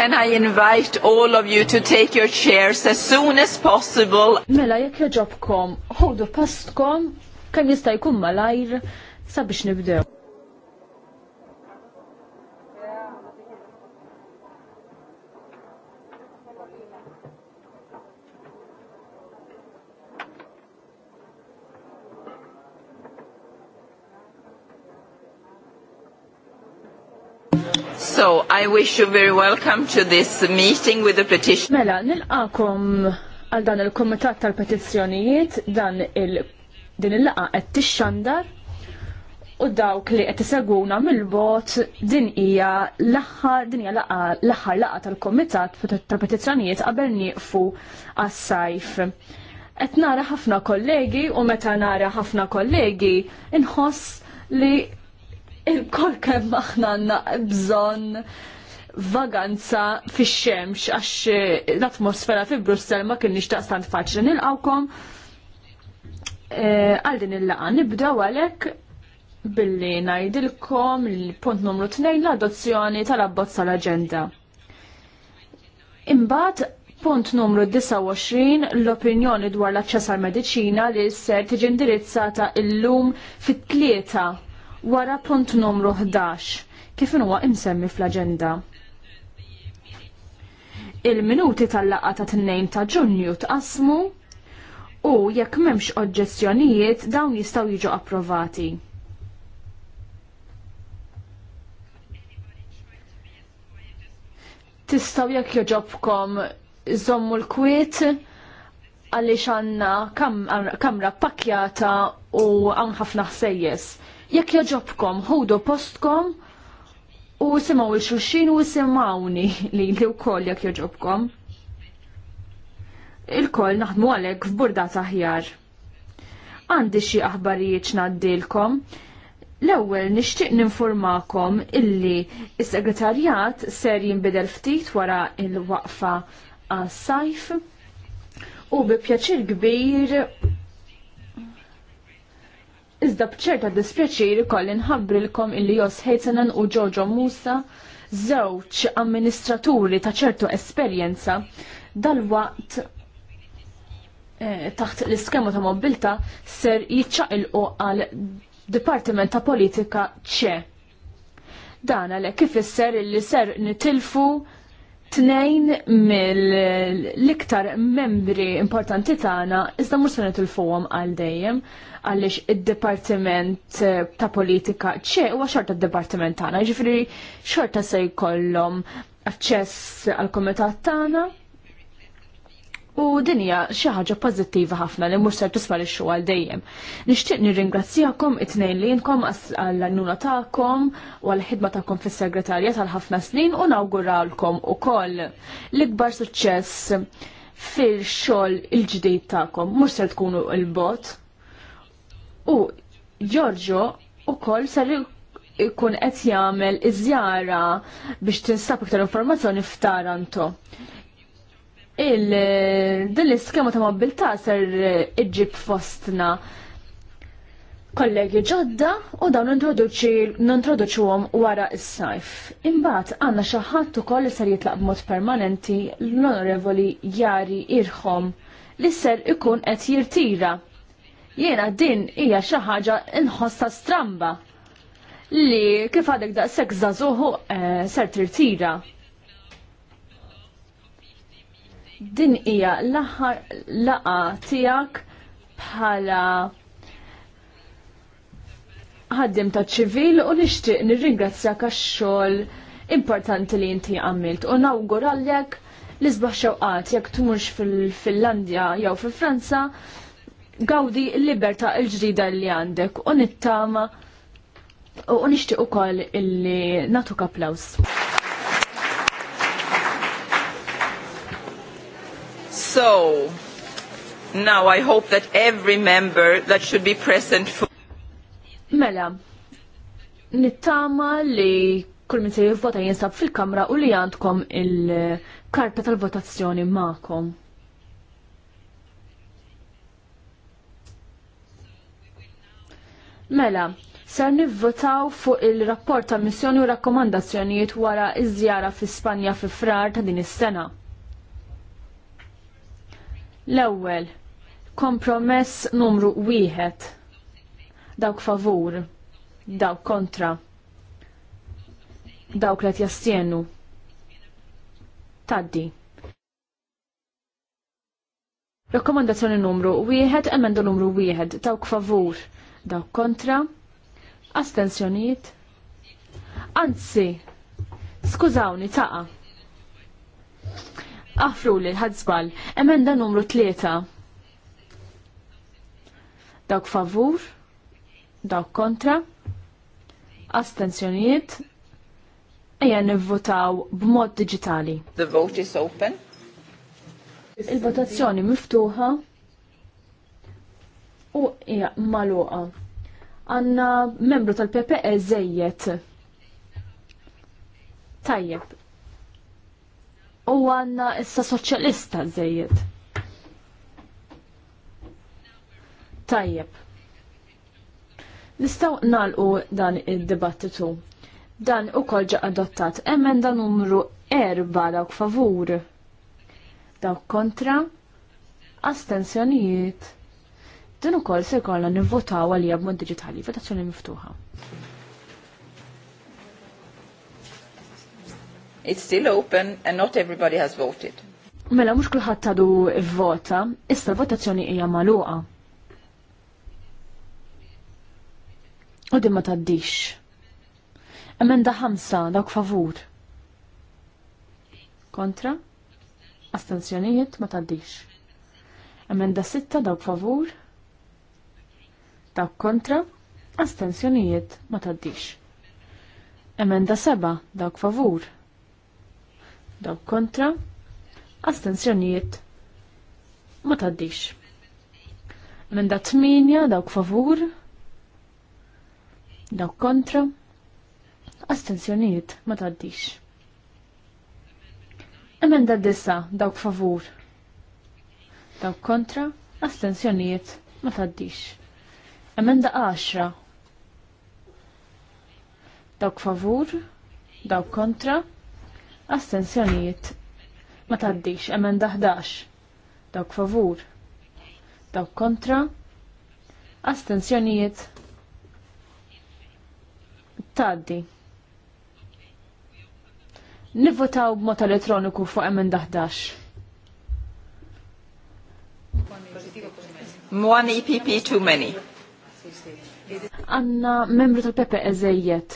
can I invite all of you to take your chairs as soon as possible? Mela jek jaġobkom, ħodu pastkom kemm jistajkum malajr sabiex nibdew. I wish you very welcome to this meeting with the petition. Mela, nilqakom għal dan il-Komitat tal-Petizzjonijiet, dan il- din il-laqa qed tixxandar u dawk li qed iseguna mill-bot din hija l-aħħar din hija l-aħħar laqa tal-Komitat tal-Petizzjonijiet qabel nieqfu għas-sajf. Qed nara ħafna kollegi u meta nara ħafna kollegi inħoss li il-kol kem aħna għandna bżonn vaganza fix xemx għax l-atmosfera fi Brussel ma nishtaq taqstant faċli nilqawkom eh, għal din il-laqa nibdaw għalhekk billi ngħidilkom il-punt numru 2 l-adozzjoni tal abbozza tal-aġenda. Imbagħad Punt numru 29, l-opinjoni dwar l-aċċess għal mediċina li ser tiġi indirizzata illum fit-tlieta wara punt numru 11 kif huwa imsemmi fl-aġenda. Il-minuti tal-laqgħa ta' tnejn ta' Ġunju tqasmu u jekk m'hemmx oġġezzjonijiet dawn jistgħu jiġu approvati. Tistgħu jekk joġobkom żommu l-kwiet għaliex għandna kamra pakjata u għan ħafna ħsejjes Jekk joġobkom, ħudu postkom u simaw il-xuxin u simawni li li u koll jekk joġobkom. Il-koll naħdmu għalek f'burda taħjar. Għandi xie aħbarijiet naddilkom. L-ewwel nixtieq ninformakom illi il segretarjat ser jinbidel ftit wara il-waqfa għas-sajf u bi pjaċir kbir Iżda bċerta dispjaċir kolli nħabbrilkom illi Jos Hejtenen u Ġoġo Musa, żewġ amministraturi ta' ċertu esperjenza dal-waqt eh, taħt l-iskema ta' mobilta ser jitċaqilqu għal Dipartiment ta' Politika ċe. Dan għalhekk kif isser illi ser nitilfu tnejn mill-iktar membri importanti tagħna iżda mhux se nitilfuhom għal dejjem għaliex id-Dipartiment ta' Politika ċe huwa xorta d-Dipartiment tagħna, jiġifieri xorta se jkollhom aċċess għal kumitat tagħna u dinja xi ħaġa pożittiva ħafna li mhux ser xu għal dejjem. Nixtieq nirringrazzjakom it-tnejn li jinkom għall-għannuna tagħkom u għall-ħidma tagħkom fis-segretarja tal-ħafna snin u nawguralkom ukoll l-ikbar suċċess fil-xogħol il-ġdid tagħkom, mhux ser tkunu l-bot. U Giorgio ukoll ser ikun qed jagħmel iż-żjara biex tinsab iktar informazzjoni f'Taranto il eh, l iskema ta' mobilta ser eh, iġib fostna kollegi ġodda u dawn nintroduċu għom wara s-sajf. Imbat għanna xaħat u koll li ser jitlaq mod permanenti l-onorevoli jari irħom li ser ikun qed jirtira. Jena din hija xi ħaġa inħossa stramba li kif għadek daqshekk żagħżuħu eh, ser tirtira din hija l-aħħar laqa tiegħek bħala ħaddim ta' ċivil u nixtieq nirringrazzjak għax-xogħol importanti li inti għamilt u nawgurallek li sbaħ xewqat jekk tmurx fil-Finlandja jew fil-Franza gawdi l-libertà l-ġdida li għandek u nittama u nixtieq ukoll illi nagħtuk applaws. So, now I hope that every member that should be present for... Mela, nittama li kull min se jivvota jinsab fil-kamra u li għandkom il-karta tal-votazzjoni ma'kom. Mela, ser nivvotaw fuq il-rapport ta' missjoni u rakkomandazzjonijiet wara iż-żjara fi Spanja fi frar ta' din is-sena. L-ewwel, kompromess numru wieħed. Dawk favur, dawk kontra, dawk li jastjenu. Taddi. Rakkomandazzjoni numru wieħed, emendu numru wieħed, dawk favur, dawk kontra, astensjonijiet. Anzi, skużawni, taqa' Afru li l-ħadżbal, emenda numru 3. Dawk favur, dawk kontra, astenzjoniet, eja nivvotaw b'mod digitali. The vote is open. Il-votazzjoni miftuħa u hija maluqa. Għanna membru tal-PPE zejjed. Tajjeb, u għanna issa soċjalista zejjed. Tajjeb. Nistaw nalqu dan id-dibattitu. Dan u kolġa adottat emenda numru erba dawk favur. Dawk kontra. Astenzjonijiet. Din ukoll se kolla nivvotaw għalija b'mod diġitali, votazzjoni miftuħa. It's still open and not everybody has voted. Mela mhux kulħadd tadu vvota, issa l-votazzjoni hija magħluqa. U din ma tgħaddix. Emenda ħamsa dawk favur. Kontra? Astenzjonijiet ma tgħaddix. Emenda sitta dawk favur. Dawk kontra? Astenzjonijiet ma tgħaddix. Emenda seba dawk favur dawk kontra, astenzjonijiet ma taddix. Emenda 8 dawk favur, dawk kontra, astenzjonijiet ma taddix. Emenda 9 dawk favur, dawk kontra, astenzjonijiet ma taddix. Emenda 10 dawk favur, dawk kontra, Astenzjonijiet ma taddix emenda 11. Dawk favur. Dawk kontra. Astenzjonijiet taddi. Nivvotaw b'mod elettroniku fuq emenda 11. One EPP too many. Anna, membru tal-Pepe eżejjed.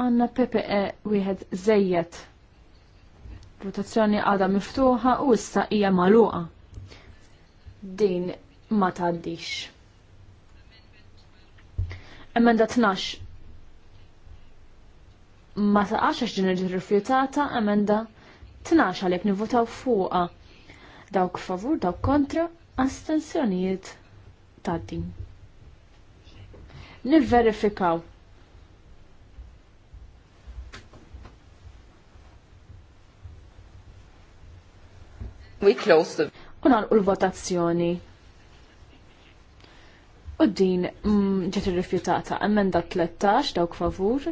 għanna PPE wieħed zejjed. Votazzjoni għada miftuħa u issa hija magħluqa. Din ma tgħaddix. Emenda 12. Ma taqax għax din rifjutata emenda 12 għalhekk nivvotaw fuqha. Dawk favur, dawk kontra, astensjonijiet ta' din. Nivverifikaw We close the... Unan u l-votazzjoni. U din mm, ġiet irrifjutata emenda 13 dawk favur,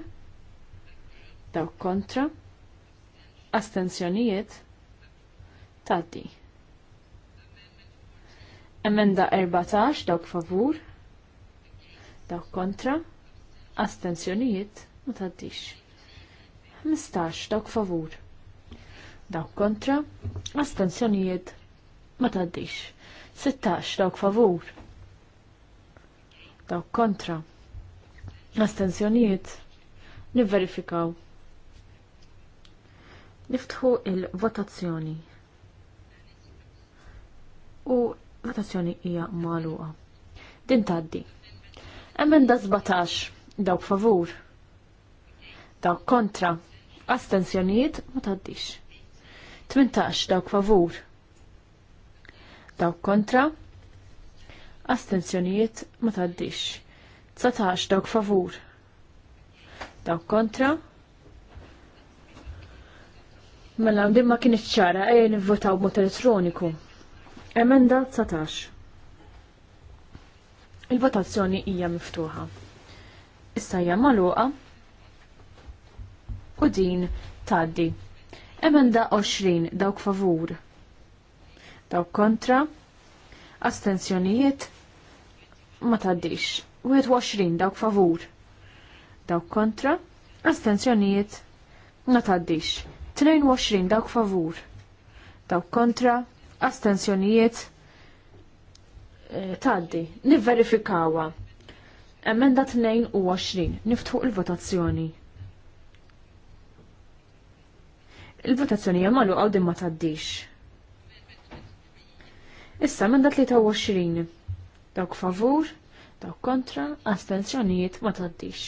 dawk kontra, astenzjonijiet, taddi. Emenda 14 dawk favur, dawk kontra, astenzjonijiet, ma taddix. 15 dawk favur, dawk kontra, astensjonijiet ma taddix. 16 dawk favur, dawk kontra, astensjonijiet nivverifikaw. Niftħu il-votazzjoni. U votazzjoni hija magħluqa. Din taddi. Emenda 17 dawk favur, dawk kontra, astensjonijiet ma taddix. 18 dawk favur. Dawk kontra. Astenzjonijiet ma taddix. 19 dawk favur. Dawk kontra. Mela, din ma kienx ċara, ej nivvotaw b'mod elettroniku. Emenda 19. Il-votazzjoni hija miftuħa. Issa hija magħluqa u din tgħaddi. Emenda 20 dawk favur. Dawk kontra. Astenzjonijiet ma taddix. 21 dawk favur. Dawk kontra. Astenzjonijiet ma taddix. 22 dawk favur. Dawk kontra. Astenzjonijiet e, taddi. Nivverifikawa. Emenda 22. Niftħuq il-votazzjoni. Il-votazzjoni jamalu għaw din ma taddix. Issa minn ta' 20. Dawk favur, dawk kontra, astenzjonijiet ma taddix.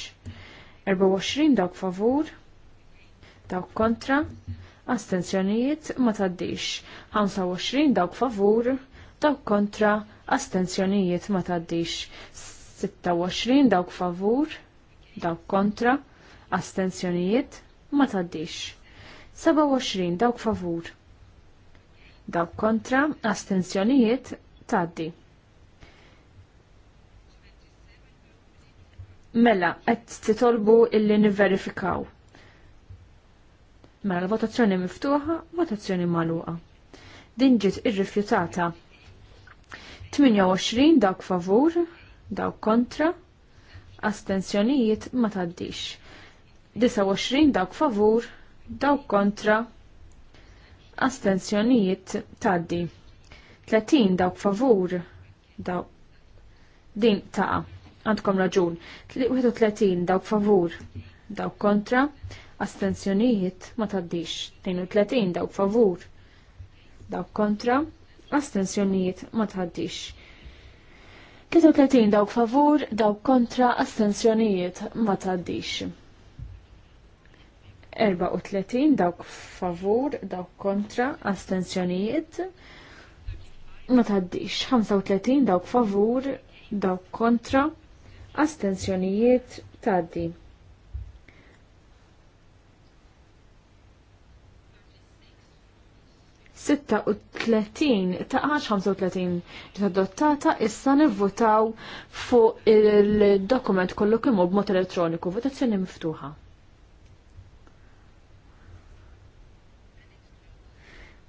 24 dawk favur, dawk kontra, astenzjonijiet ma taddix. 25 dawk favur, dawk kontra, astenzjonijiet ma taddix. 26 dawk favur, dawk kontra, astenzjonijiet ma taddix. 27 dawk favur. Dawk kontra astenzjonijiet taddi. Mela, qed titolbu illi niverifikaw. Mela l-votazzjoni miftuħa, votazzjoni magħluqa. Din ġiet irrifjutata. 28 dawk favur, dawk kontra, astenzjonijiet ma taddix. 29 dawk favur, dawk kontra astenzjonijiet taddi. 30 dawk favur din taqa għandkom raġun 31 dawk favur dawk kontra astenzjonijiet ma taddix 32 dawk favur dawk kontra astenzjonijiet ma taddix 33 dawk favur dawk kontra astenzjonijiet ma taddix 34 dawk favur, dawk kontra, astensjonijiet. Ma taddix 35 dawk favur, dawk kontra, astensjonijiet taddi. Sitta u tletin ta' għax 35 ġiet adottata issa nivvotaw fuq il-dokument kollu b b'mod elettroniku, votazzjoni miftuħa.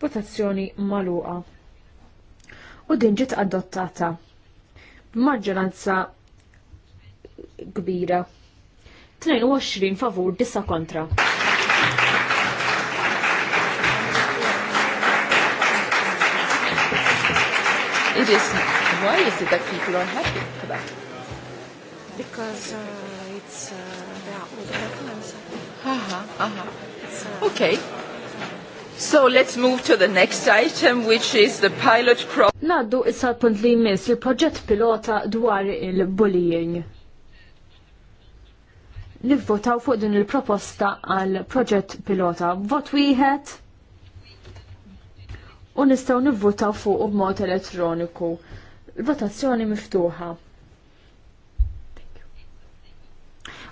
votazzjoni maluqa. U din ġiet adottata b'maġġoranza kbira. 22 favur, 9 kontra. It is. Why is it that people are happy for that? Because uh, it's uh, about the outward influence. Aha, aha. It's, uh, okay. So let's move to the next item, which is the pilot pro. Naddu is punt li jmiss il-proġett pilota dwar il-bullying. Nivvotaw fuq din il-proposta għal proġett pilota. Vot wieħed u nistgħu nivvotaw fuq b'mod elettroniku. Votazzjoni miftuħa.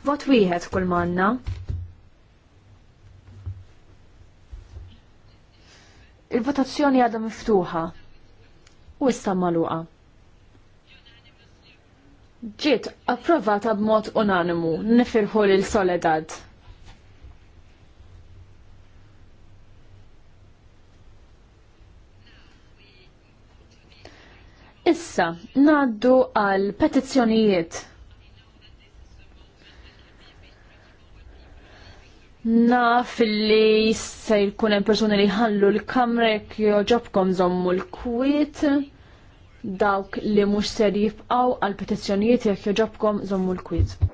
Vot wieħed kull manna. Il-votazzjoni għadha miftuħa u issa maluqa. Ġiet approvata b'mod unanimu nifirħu lil Soledad. Issa, naddu għal petizzjonijiet Naf li se jkun hemm persuni li ħallu l-kamra jekk joġobkom żommu l-kwiet dawk li mhux ser jibqgħu għal petizzjonijiet jekk joġobkom żommu l-kwiet.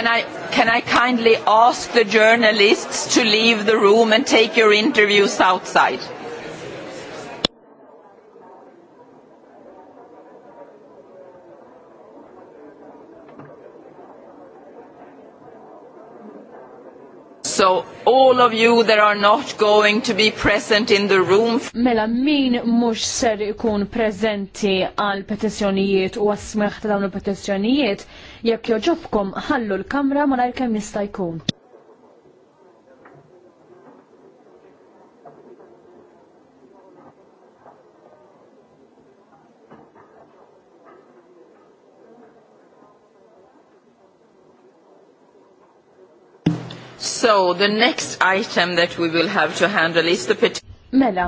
Can I, can I kindly ask the journalists to leave the room and take your interviews outside? So all of you that are not going to be present in the room. Mela min mhux ser ikun preżenti għal petizzjonijiet u għasmeħ ta' dawn il-petizzjonijiet Jekk joġobkom ħallu l-kamra ma nar kemm jista' jkun. So the next item that we will have to handle is the petition. Mela,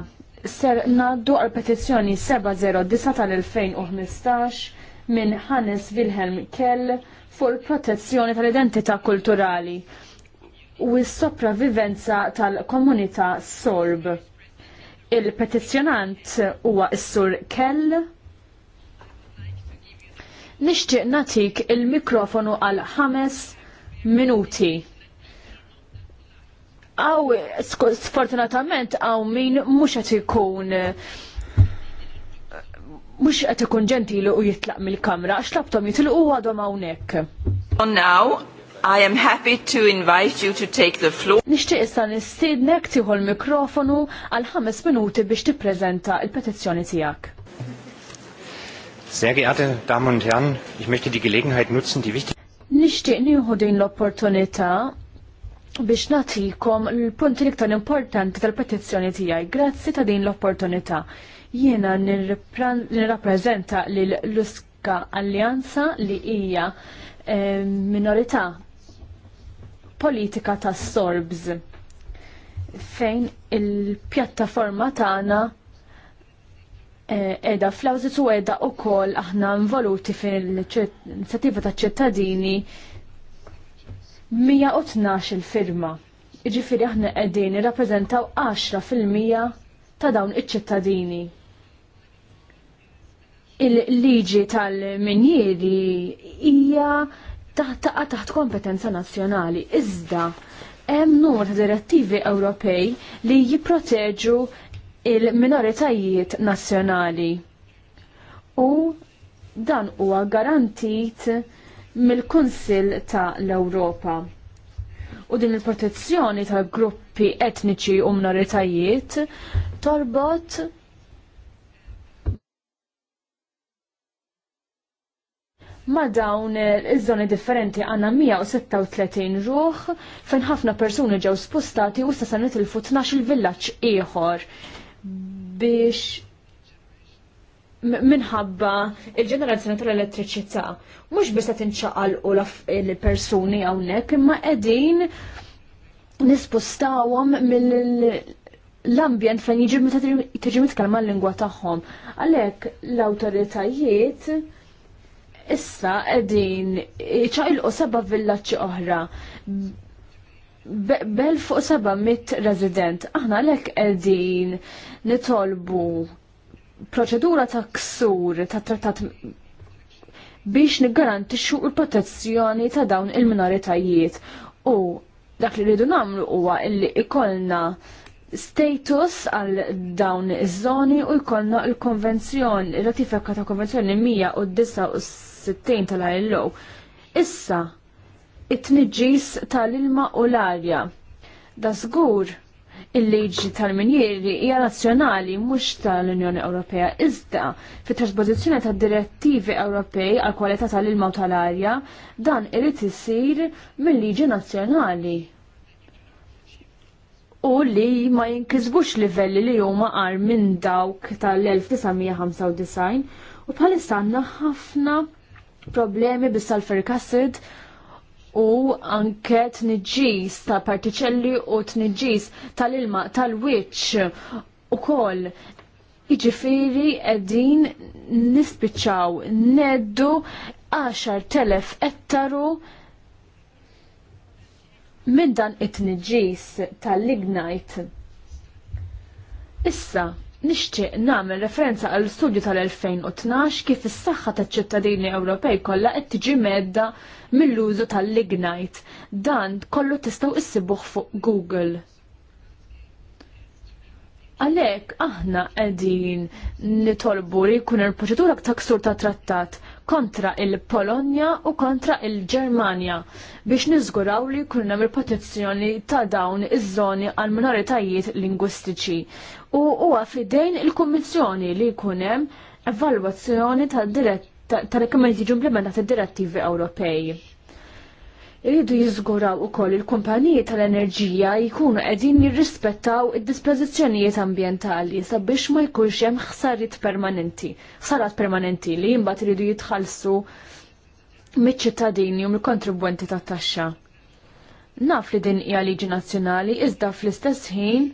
ser naddu għal petizjoni 709 tal-2015 minn Hannes Wilhelm Kell fuq il-protezzjoni tal-identità kulturali u s-sopravivenza tal-komunità sorb. Il-petizzjonant huwa s-sur Kell. Nixtieq natik il-mikrofonu għal ħames minuti. Aw, sfortunatament, hawn min mux ikun mhux qed ikun ġentili u jitlaq mill-kamra għax labtom jitilqu għadhom hawnhekk. On now, I am happy to invite you to take the floor. Nixtieq issa nistiednek tieħu l-mikrofonu għal ħames minuti biex tippreżenta l-petizzjoni tiegħek. Sehr geehrte Damen und Herren, ich möchte die Gelegenheit nutzen, die wichtig Nixtieq nieħu din l-opportunità biex natikom l-punti l-iktar importanti tal-petizzjoni tiegħi. Grazzi ta' din l-opportunità. Jiena nirrappreżenta l Luska Allianza li hija eh, minorità politika ta' sorbs fejn il-pjattaforma tagħna eh, edha flawżit u edha u koll aħna involuti fil-inizjattiva ta' ċittadini 112 il-firma. Iġifiri aħna qegħdin irrappreżentaw 10% fil-mija ta' dawn iċ-ċittadini il-liġi tal-minjeri hija taħtaqa taħt kompetenza nazzjonali. Iżda hemm numru ta' direttivi Ewropej li jipproteġu il-minoritajiet nazzjonali. U dan huwa garantit mill-Kunsill ta' l-Ewropa. U din il-protezzjoni tal gruppi etniċi u minoritajiet torbot ma dawn eh, iż-żoni differenti għanna 136 ruħ fejn ħafna persuni ġew spostati u sa nitilfu 12 villaġġ ieħor biex minħabba il-ġenerazzjoni tal-elettriċità mhux biss qed inċaqal u l-persuni hawnhekk imma qegħdin nispostawhom mill l-ambjent fejn jiġi tiġi mitkellma l-lingwa tagħhom. Għalhekk l-awtoritajiet issa qegħdin ċajlqu seba' villaġġi oħra. Bel fuq seba' mit resident, aħna lek qegħdin nitolbu proċedura ta' ksur ta' trattat biex niggarantixxu l-protezzjoni ta' dawn il-minoritajiet u dak li rridu nagħmlu huwa li ikollna status għal dawn iż-żoni u jkollna l-konvenzjoni, ratifika ta' konvenzjoni 169 60 tal low Issa, it-tniġis tal-ilma u l-arja. Da il-liġi tal-minjeri hija nazzjonali mhux tal-Unjoni Ewropea iżda fit-trasposizzjoni tad direttivi Ewropej għal kwalità tal-ilma u tal-arja dan irid isir mill-liġi nazzjonali u li ma jinkisbux livelli li huma qar minn dawk tal-1995 u bħalissa għandna ħafna problemi bis-sulfuric acid u anke tniġġis ta' partiċelli u tniġġis tal-ilma tal witch u koll iġifiri edin nispiċaw neddu 10.000 ettaru minn dan it-tniġġis tal-lignajt. Issa, Nixtieq nagħmel referenza għal studju tal-2012 kif is-saħħa taċ-ċittadini Ewropej kollha qed tiġi medda mill-użu tal-lignite. Dan kollu tistgħu issibuh fuq Google. Għalhekk aħna qegħdin nitolbu li jkun il-proċedura ksur ta' trattat kontra il-Polonja u kontra il-Ġermanja biex niżguraw li jkun hemm il-protezzjoni ta' dawn iż-żoni għal minoritajiet lingwistiċi. U huwa fidejn il-Kummissjoni li jkun hemm evalwazzjoni ta' dirett ta' rekomendi jiġu direttivi Ewropej. Iridu jiżguraw ukoll il-kumpaniji tal-enerġija jkunu qegħdin jirrispettaw id-dispożizzjonijiet ambjentali sabiex ma jkunx hemm ħsarit permanenti, ħsarat permanenti li jimbat iridu jitħallsu miċ-ċittadini u mill-kontribwenti tat-taxxa. Naf li din hija liġi nazzjonali iżda fl-istess ħin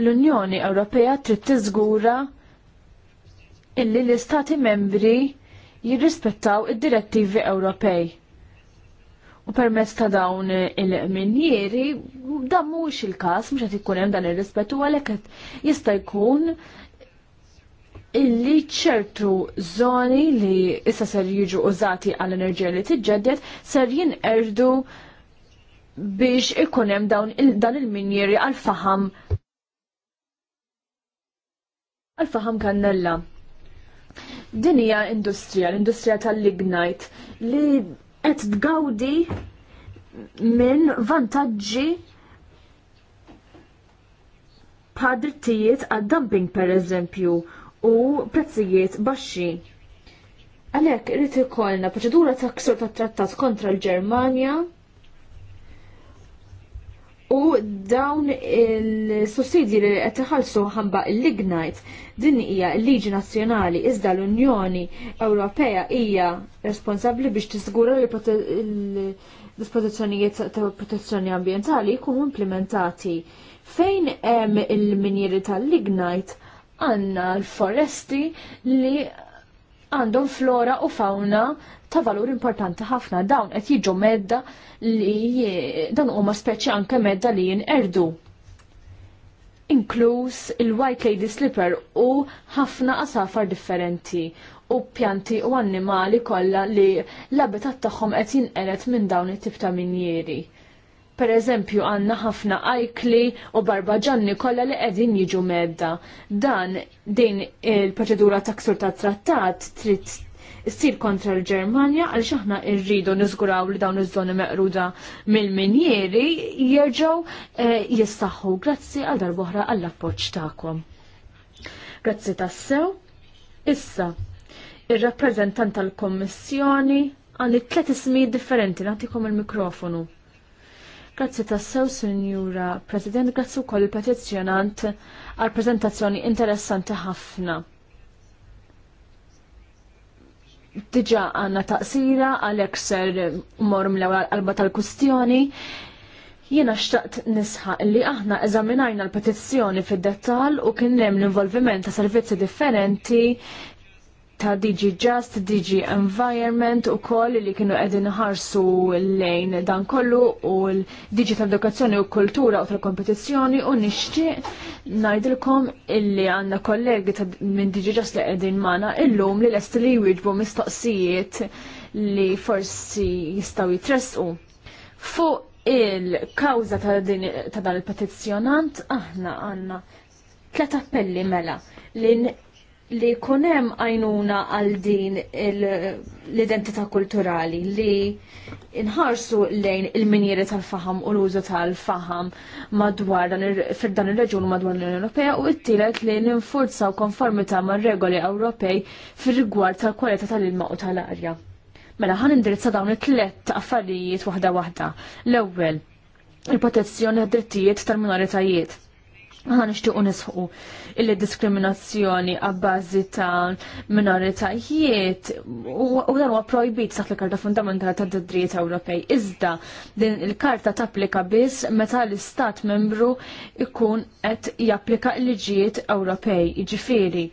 l-Unjoni Ewropea trid tiżgura illi l-Istati membri jirrispettaw id-direttivi Ewropej U permezz ta' dawn il-minjeri, dan mhux il-każ mhux qed ikun hemm dan ir rispetu u għalhekk jista' jkun illi ċertu żoni li issa ser jiġu użati għall enerġija li tiġġedded ser jinqerdu biex ikun hemm dan il-minjeri għal faham għal faham kannella. Din hija industrija, l-industrija tal-lignite li qed tgawdi minn vantaġġi bħal drittijiet għad-dumping pereżempju u prezzijiet baxxi. Għalhekk irid ikollna proċedura ta' ksur tat trattat kontra l-Ġermanja U dawn il-sussidji li qed iħallsu ħamba l-Ignite din hija l-Liġi Nazzjonali iżda l-Unjoni Ewropea hija responsabbli biex tiżgura li l-dispożizzjonijiet ta' protezzjoni ambjentali jkunu implementati. Fejn hemm il-minjeri tal-Ignite għandna l-foresti li għandhom flora u fauna ta' valur importanti ħafna dawn qed jiġu medda li dan huma speċi anke medda li jinqerdu. Inkluż il-White Lady Slipper u ħafna asafar differenti u pjanti u annimali kollha li l-abitat tagħhom qed jinqelet minn dawn it-tip ta' minjieri per eżempju għanna ħafna ajkli u barbaġanni kolla li qegħdin jiġu medda. Dan din il-proċedura ta' ksur ta' trattat trid issir kontra l-Ġermanja għal xaħna irridu niżguraw li dawn iż-żoni meqruda mill-minjeri jerġgħu eh, jissaħħu. Grazzi għal darbohra għall appoġġ tagħkom. Grazzi tassew. Issa, ir-rappreżentant tal-Kommissjoni għandi tliet ismi differenti, nagħtikom il-mikrofonu. Grazzi tassew, Signora President, grazzi u koll il-petizjonant għal prezentazzjoni interessanti ħafna. Diġa għanna taqsira għalek ser morm l-ewwel qalba tal-kustjoni. Jiena xtaqt nisħa li aħna eżaminajna l-petizzjoni fid-dettal u kien hemm l-involviment ta' servizzi differenti ta' DG Just, DG Environment u koll li kienu edin ħarsu lejn dan kollu u l-DG ta' edukazzjoni u kultura u tal-kompetizjoni u nixtieq najdilkom illi għanna kollegi minn DG Just li edin mana illum li l-est li jwieġbu mistoqsijiet li forsi jistaw jitresqu. Fuq il-kawza ta' dan il-petizzjonant aħna għanna tlet appelli mela li li kunem għajnuna għal din l-identità kulturali li inħarsu lejn il-minjeri tal-faham u l-użu tal-faham madwar dan il-reġun madwar l-Unjoni Ewropea u it tielet li ninfurza u konformita ma' regoli Ewropej fir rigward tal-kwalità tal-ilma u tal-arja. Mela ħan indirizza dawn it-tlet affarijiet waħda waħda. L-ewwel, il-protezzjoni tad drittijiet tal-minoritajiet Għan nishtuqu nisħu il-diskriminazzjoni għabbażi ta' minoritajiet u dan huwa projbit saħt l-Karta Fundamentali ta' Dritt Ewropej. Iżda din il-karta tapplika biss meta l-Istat membru ikun qed japplika l-liġijiet Ewropej, jiġifieri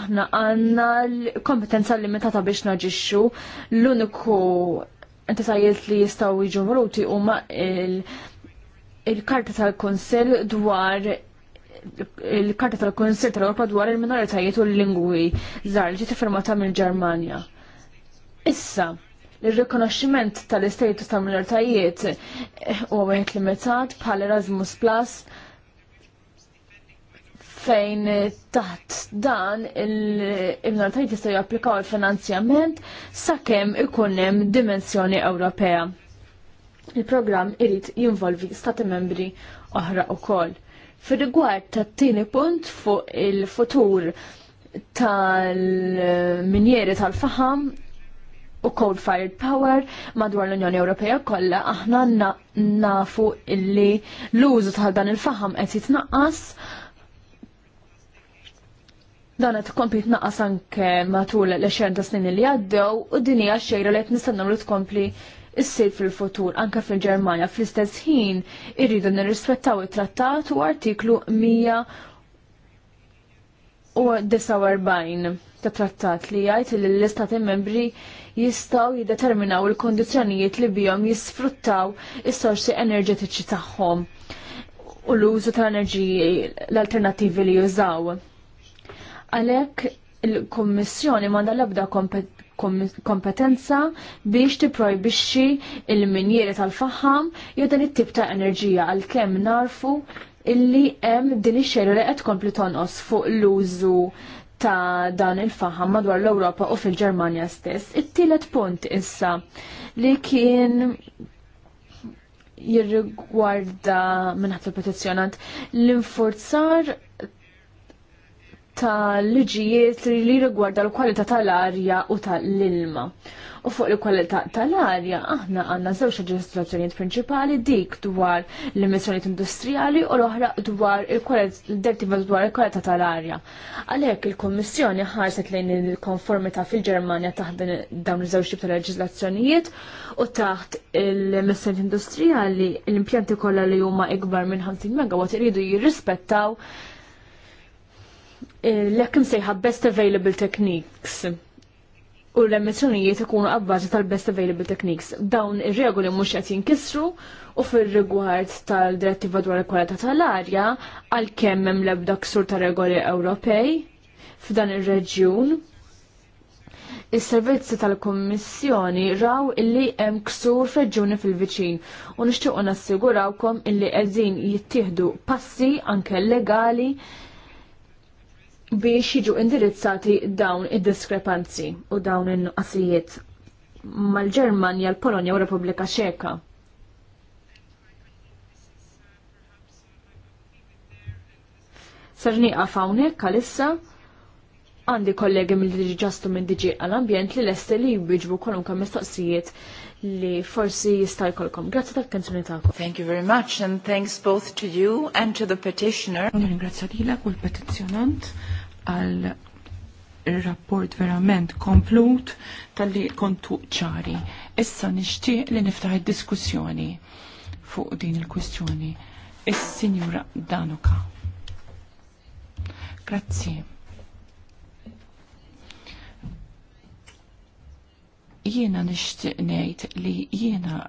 aħna għanna l-kompetenza limitata biex naġixxu l-uniku entisajiet li jistgħu jiġu voluti huma il- il-karta tal-Konsell dwar il-karta tal-Konsell tal-Europa dwar il-minoritajiet u l-lingwi żgħar ġiet iffirmata mill-Ġermanja. Issa, il-rikonoxximent tal-istatus tal-minoritajiet u wieħed limitat bħal Erasmus Plus fejn taħt dan il-minoritajiet jistgħu japplikaw il-finanzjament sakemm ikun hemm dimensjoni Ewropea Il-programm irid jinvolvi stati membri oħra wkoll. Fir-rigward tat-tieni punt fuq il-futur tal-minjeri tal-faham u coal-fired power madwar l-Unjoni Ewropea kollha aħna nafu illi l-użu tal dan il-faham qed jitnaqqas dan qed tkompli tnaqqas anke matul l-20 snin li għaddew u din hija xejra li qed nistennhom li tkompli issir fil-futur anke fil germania fl-istess ħin irridu nirrispettaw it-trattat u artiklu 149 ta' trattat li jgħid li l-istati membri jistgħu jiddeterminaw il kondizjonijiet li bihom jisfruttaw is-sorsi enerġetiċi tagħhom u l-użu tal-enerġiji l-alternattivi li jużaw. Għalhekk il-Kommissjoni manda l-ebda kompetenza biex tipprojbixxi il-minjieri tal-faħam jew dan it-tip ta' enerġija għalkemm narfu illi hemm din ix-xejra li qed tkompli tonqos fuq l-użu ta' dan il-faħam madwar l-Ewropa u fil-Ġermanja stess. It-tielet punt issa li kien jirrigwarda minnaħt l petizjonant l-infurzar ta' liġijiet li rigwarda l-kwalità tal-arja u tal-ilma. U fuq il-kwalità tal-arja aħna għandna żewġ leġislazzjonijiet prinċipali dik dwar l-emissjonijiet industrijali u l-oħra dwar il-direttiva dwar il-kwalità tal-arja. Għalhekk il-Kummissjoni ħarset lejn il-konformità fil-Ġermanja taħt dawn iż-żewġ ta' leġislazzjonijiet u taħt l-emissjonijiet industrijali l-impjanti kollha li huma ikbar minn 50 megawatt iridu jirrispettaw Eh, l-ekim sejħa best available techniques u l-emissjonijiet ikunu għabbaġi tal-best available techniques. Dawn ir-regoli mhux qed jinkisru u fir-rigward tal-direttiva dwar il-kwalità tal-arja għalkemm hemm l-ebda ksur ta' regoli Ewropej f'dan ir-reġjun. Is-servizzi tal-Kummissjoni raw illi hemm ksur f'reġjuni fil-viċin u nixtiequ nassigurawkom illi qegħdin jittieħdu passi anke legali biex jiġu indirizzati dawn id-diskrepanzi u dawn in-nuqqasijiet mal-Ġermanja, l-Polonja u Repubblika Ċeka. Sarni għafawne, għalissa għandi kollegi mill ġastu minn diġi għal-ambjent li l-esti li jibbiġbu kolumkom mistoqsijiet li forsi jista' jkollkom. Grazzi tal Thank you very much and thanks both to you and to the petitioner. Ringrazzja lilek u petizzjonant għal rapport verament komplut tal-li kontu ċari. Issa nishtiq li niftaħ diskussjoni fuq din il-kwistjoni. Is-Sinjura Danuka. Grazzi. Jiena nishtiq ngħid li jiena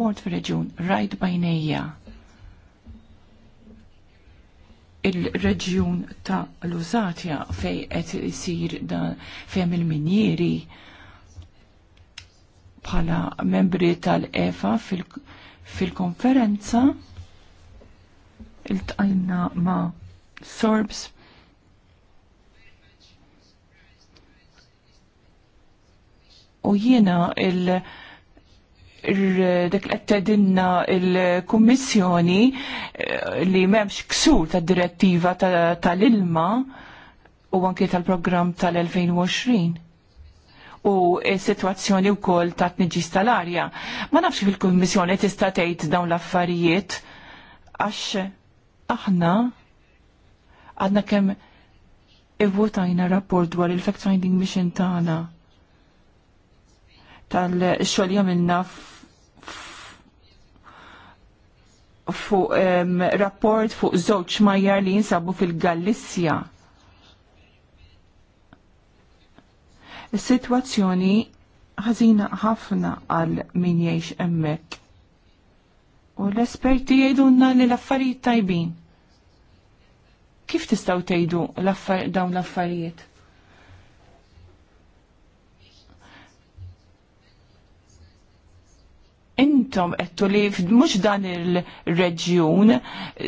mort fil reġun rajt bajnejja il-reġjun ta' Luzatja fej qed isir dan fejn il-minjeri bħala membri tal-EFA fil-konferenza fil il-tqajna ma' Sorbs u jiena il- dik li għettedinna il-Kummissjoni eh, li memx ksur ta' direttiva tal-ilma u anki tal-programm tal-2020 u situazzjoni u kol ta' t-nġis tal-arja. Ma nafx fil-Kummissjoni tista' tgħid dawn l-affarijiet għax aħna għadna kemm votajna rapport dwar il-fact-finding mission tagħna tal-xogħol jagħmilna fuq rapport fuq żewġ majjar li jinsabu fil-Gallissja. Is-sitwazzjoni ħażina ħafna għal min jgħix hemmhekk. U l-esperti jgħidulna li l-affarijiet tajbin. Kif tistgħu tgħidu dawn l-affarijiet? intom għettu li mux dan il-reġjun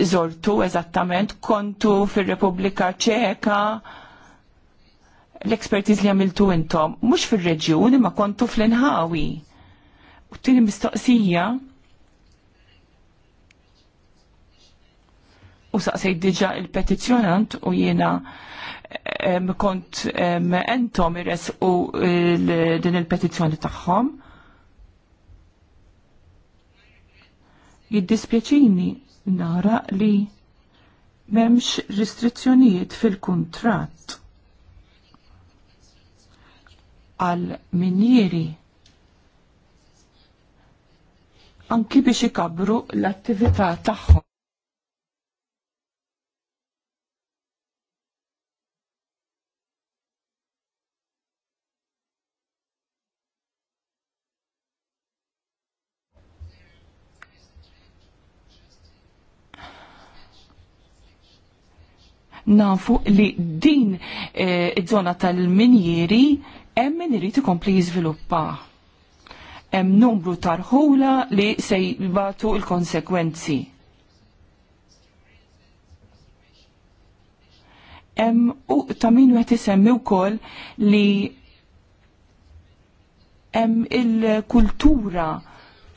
zortu eżattament kontu fil-Repubblika ċeka l-ekspertiz li għamiltu intom, mux fil-reġjun ma kontu fl-inħawi. U t-tini mistoqsija, u saqsejt diġa il-petizjonant u jiena kont entom irres u din il-petizjoni tagħhom. Jiddispjaċini nara li memx restrizzjonijiet fil-kontrat għal minjeri anki biex ikabru l-attività tagħhom. nafu li din eh, iż-żona tal-minjeri hemm min irid ikompli jiżviluppa. Hemm numru tarħula li se jibatu l-konsekwenzi. Hemm u ta' min wieħed isemmi wkoll li hemm il-kultura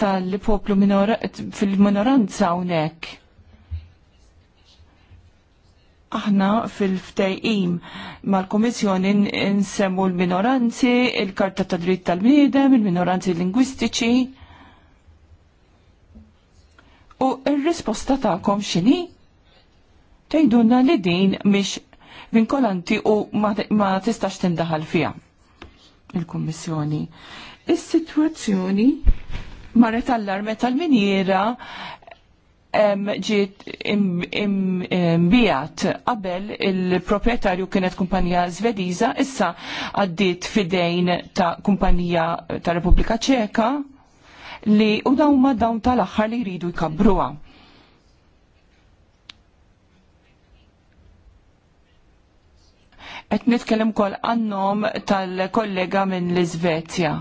tal-poplu fil-minoranza hawnhekk aħna fil-ftejqim mal-Komissjoni nsemmu l-minoranzi, il-Karta ta' dritt tal-bniedem, il-minoranzi lingwistiċi. U il-risposta ta'kom xini? Tejdunna li din mish vinkolanti u ma tistax tindaħal fija il komissjoni Is-sitwazzjoni marret allar meta l-miniera ġiet imbijat qabel il-proprietarju kienet kumpanija Zvediża, issa għaddiet fidejn ta' kumpanija ta' Repubblika Ċeka li u dawma dawn tal-aħħar li jridu jkabruha. Et nitkellem kol annom tal-kollega minn l-Izvezja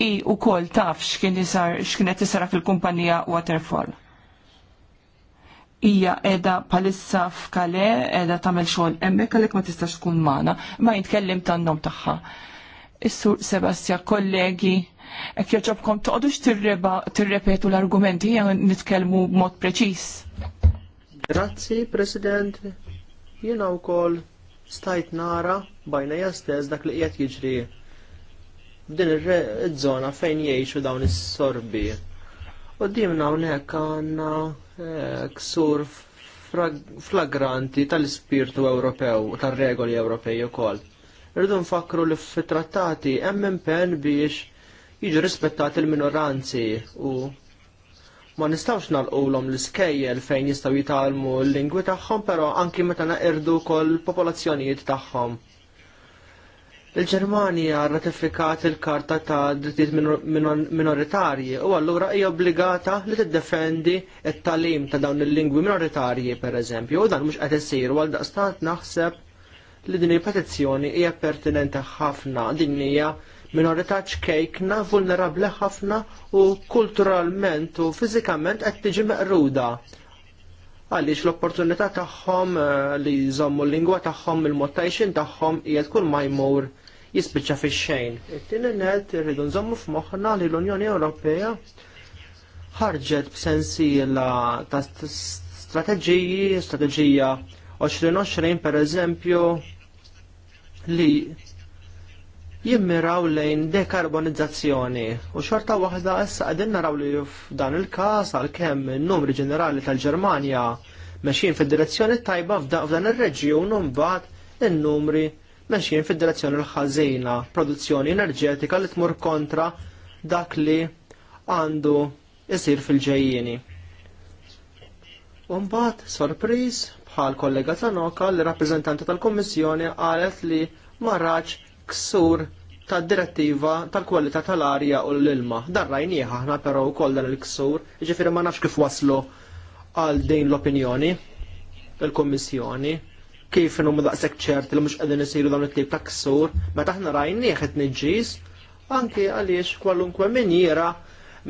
i u kol taf xkien xkienet isara fil-kumpanija Waterfall. Ija edha palissa f'kale, edha tamel xol emme, kalek ma tistax tkun mana, ma jitkellim tannom taħħa. Is-sur Sebastja, kollegi, ek joġobkom toqdux tirrepetu l-argumenti, jgħan nitkellmu mod preċis. Grazzi, President. Jena u kol stajt nara bajna jastez dak li qiegħed jiġri f'din il żona fejn jgħixu dawn is-sorbi. U dimna hawnhekk għandna eh, ksur flagranti tal-ispirtu Ewropew, tal-regoli Ewropej kol. Irridu nfakru li fit-trattati hemm impenn biex jiġu rispettati l-minoranzi u ma nistawx nal-qulom l-iskejjel fejn jistgħu jitalmu l-lingwi tagħhom, però anki meta irdu kol popolazzjonijiet tagħhom. Il-Ġermanja ratifikat il-karta ta' drittijiet minoritarji u allura hija obbligata li tiddefendi it-talim ta' dawn il-lingwi minoritarji pereżempju u dan mhux qed isir għal daqstant naħseb li din il-petizzjoni hija pertinenti ħafna din hija minorità ċkejkna vulnerabli ħafna u kulturalment u fiżikament qed tiġi meqruda. Għaliex l-opportunità tagħhom eh, li jżommu l-lingwa tagħhom il-mod tagħhom hija tkun ma jmur jispiċċa fix-xejn. It-tieni net irridu nżommu f'moħħna li l-Unjoni Ewropea ħarġet b'sensiela ta' strateġiji, strateġija 2020 per eżempju li jimmiraw lejn dekarbonizzazzjoni u xorta waħda issa qegħdin naraw li f'dan il-każ għalkemm in-numri ġenerali tal-Ġermanja mexjin fid-direzzjoni tajba f'dan ir-reġjun u mbagħad in-numri mexjin fid-direzzjoni l ħazina produzzjoni enerġetika li tmur kontra dak li għandu jisir fil ġejjini Umbat, sorpriz, bħal kollega Tanoka li rappresentanti tal-Kommissjoni qalet li marraċ ksur tad direttiva tal-kwalità tal-arja u l-ilma. Dan rajnieħ aħna però wkoll dan il-ksur, jiġifieri ma nafx kif waslu għal din l-opinjoni il-Kommissjoni kif inhom daqsek ċert li mhux qegħdin isiru dawn it-tip ta' ksur, meta aħna rajnieh qed niġġis, anke għaliex kwalunkwe minjera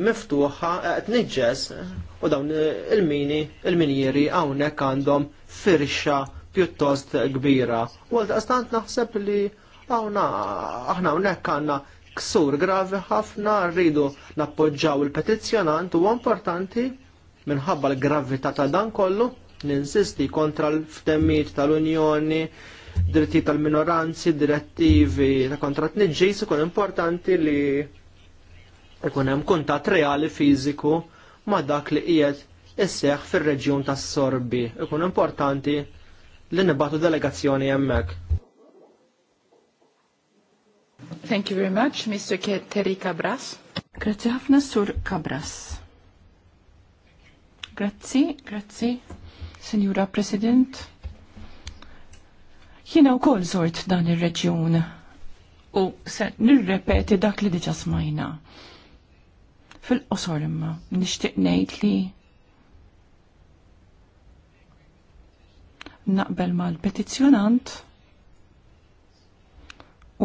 miftuħa qed niġġes u dawn il-mini, il-minjeri hawnhekk għandhom firxa pjuttost kbira. U għal naħseb li għawna, aħna hawnhekk għandna ksur gravi ħafna rridu nappoġġaw il-petizzjonant u importanti minħabba l-gravità ta' dan kollu ninsisti kontra l-ftemmiet tal-Unjoni, dritti tal-minoranzi, direttivi ta' kontra nġis ikun importanti li ikun hemm kuntat reali fiżiku ma' dak li qiegħed isseħħ fir-reġjun tas-sorbi. Ikun importanti li nibatu delegazzjoni hemmhekk. Thank you very much, Mr. Terry Cabras. Grazie ħafna sur Cabras. Grazzi, grazie. Senjura President, jiena wkoll zort dan ir-reġjun u se nirrepeti dak li diġa smajna. Fil-qosor imma nixtieq ngħid li naqbel mal-petizzjonant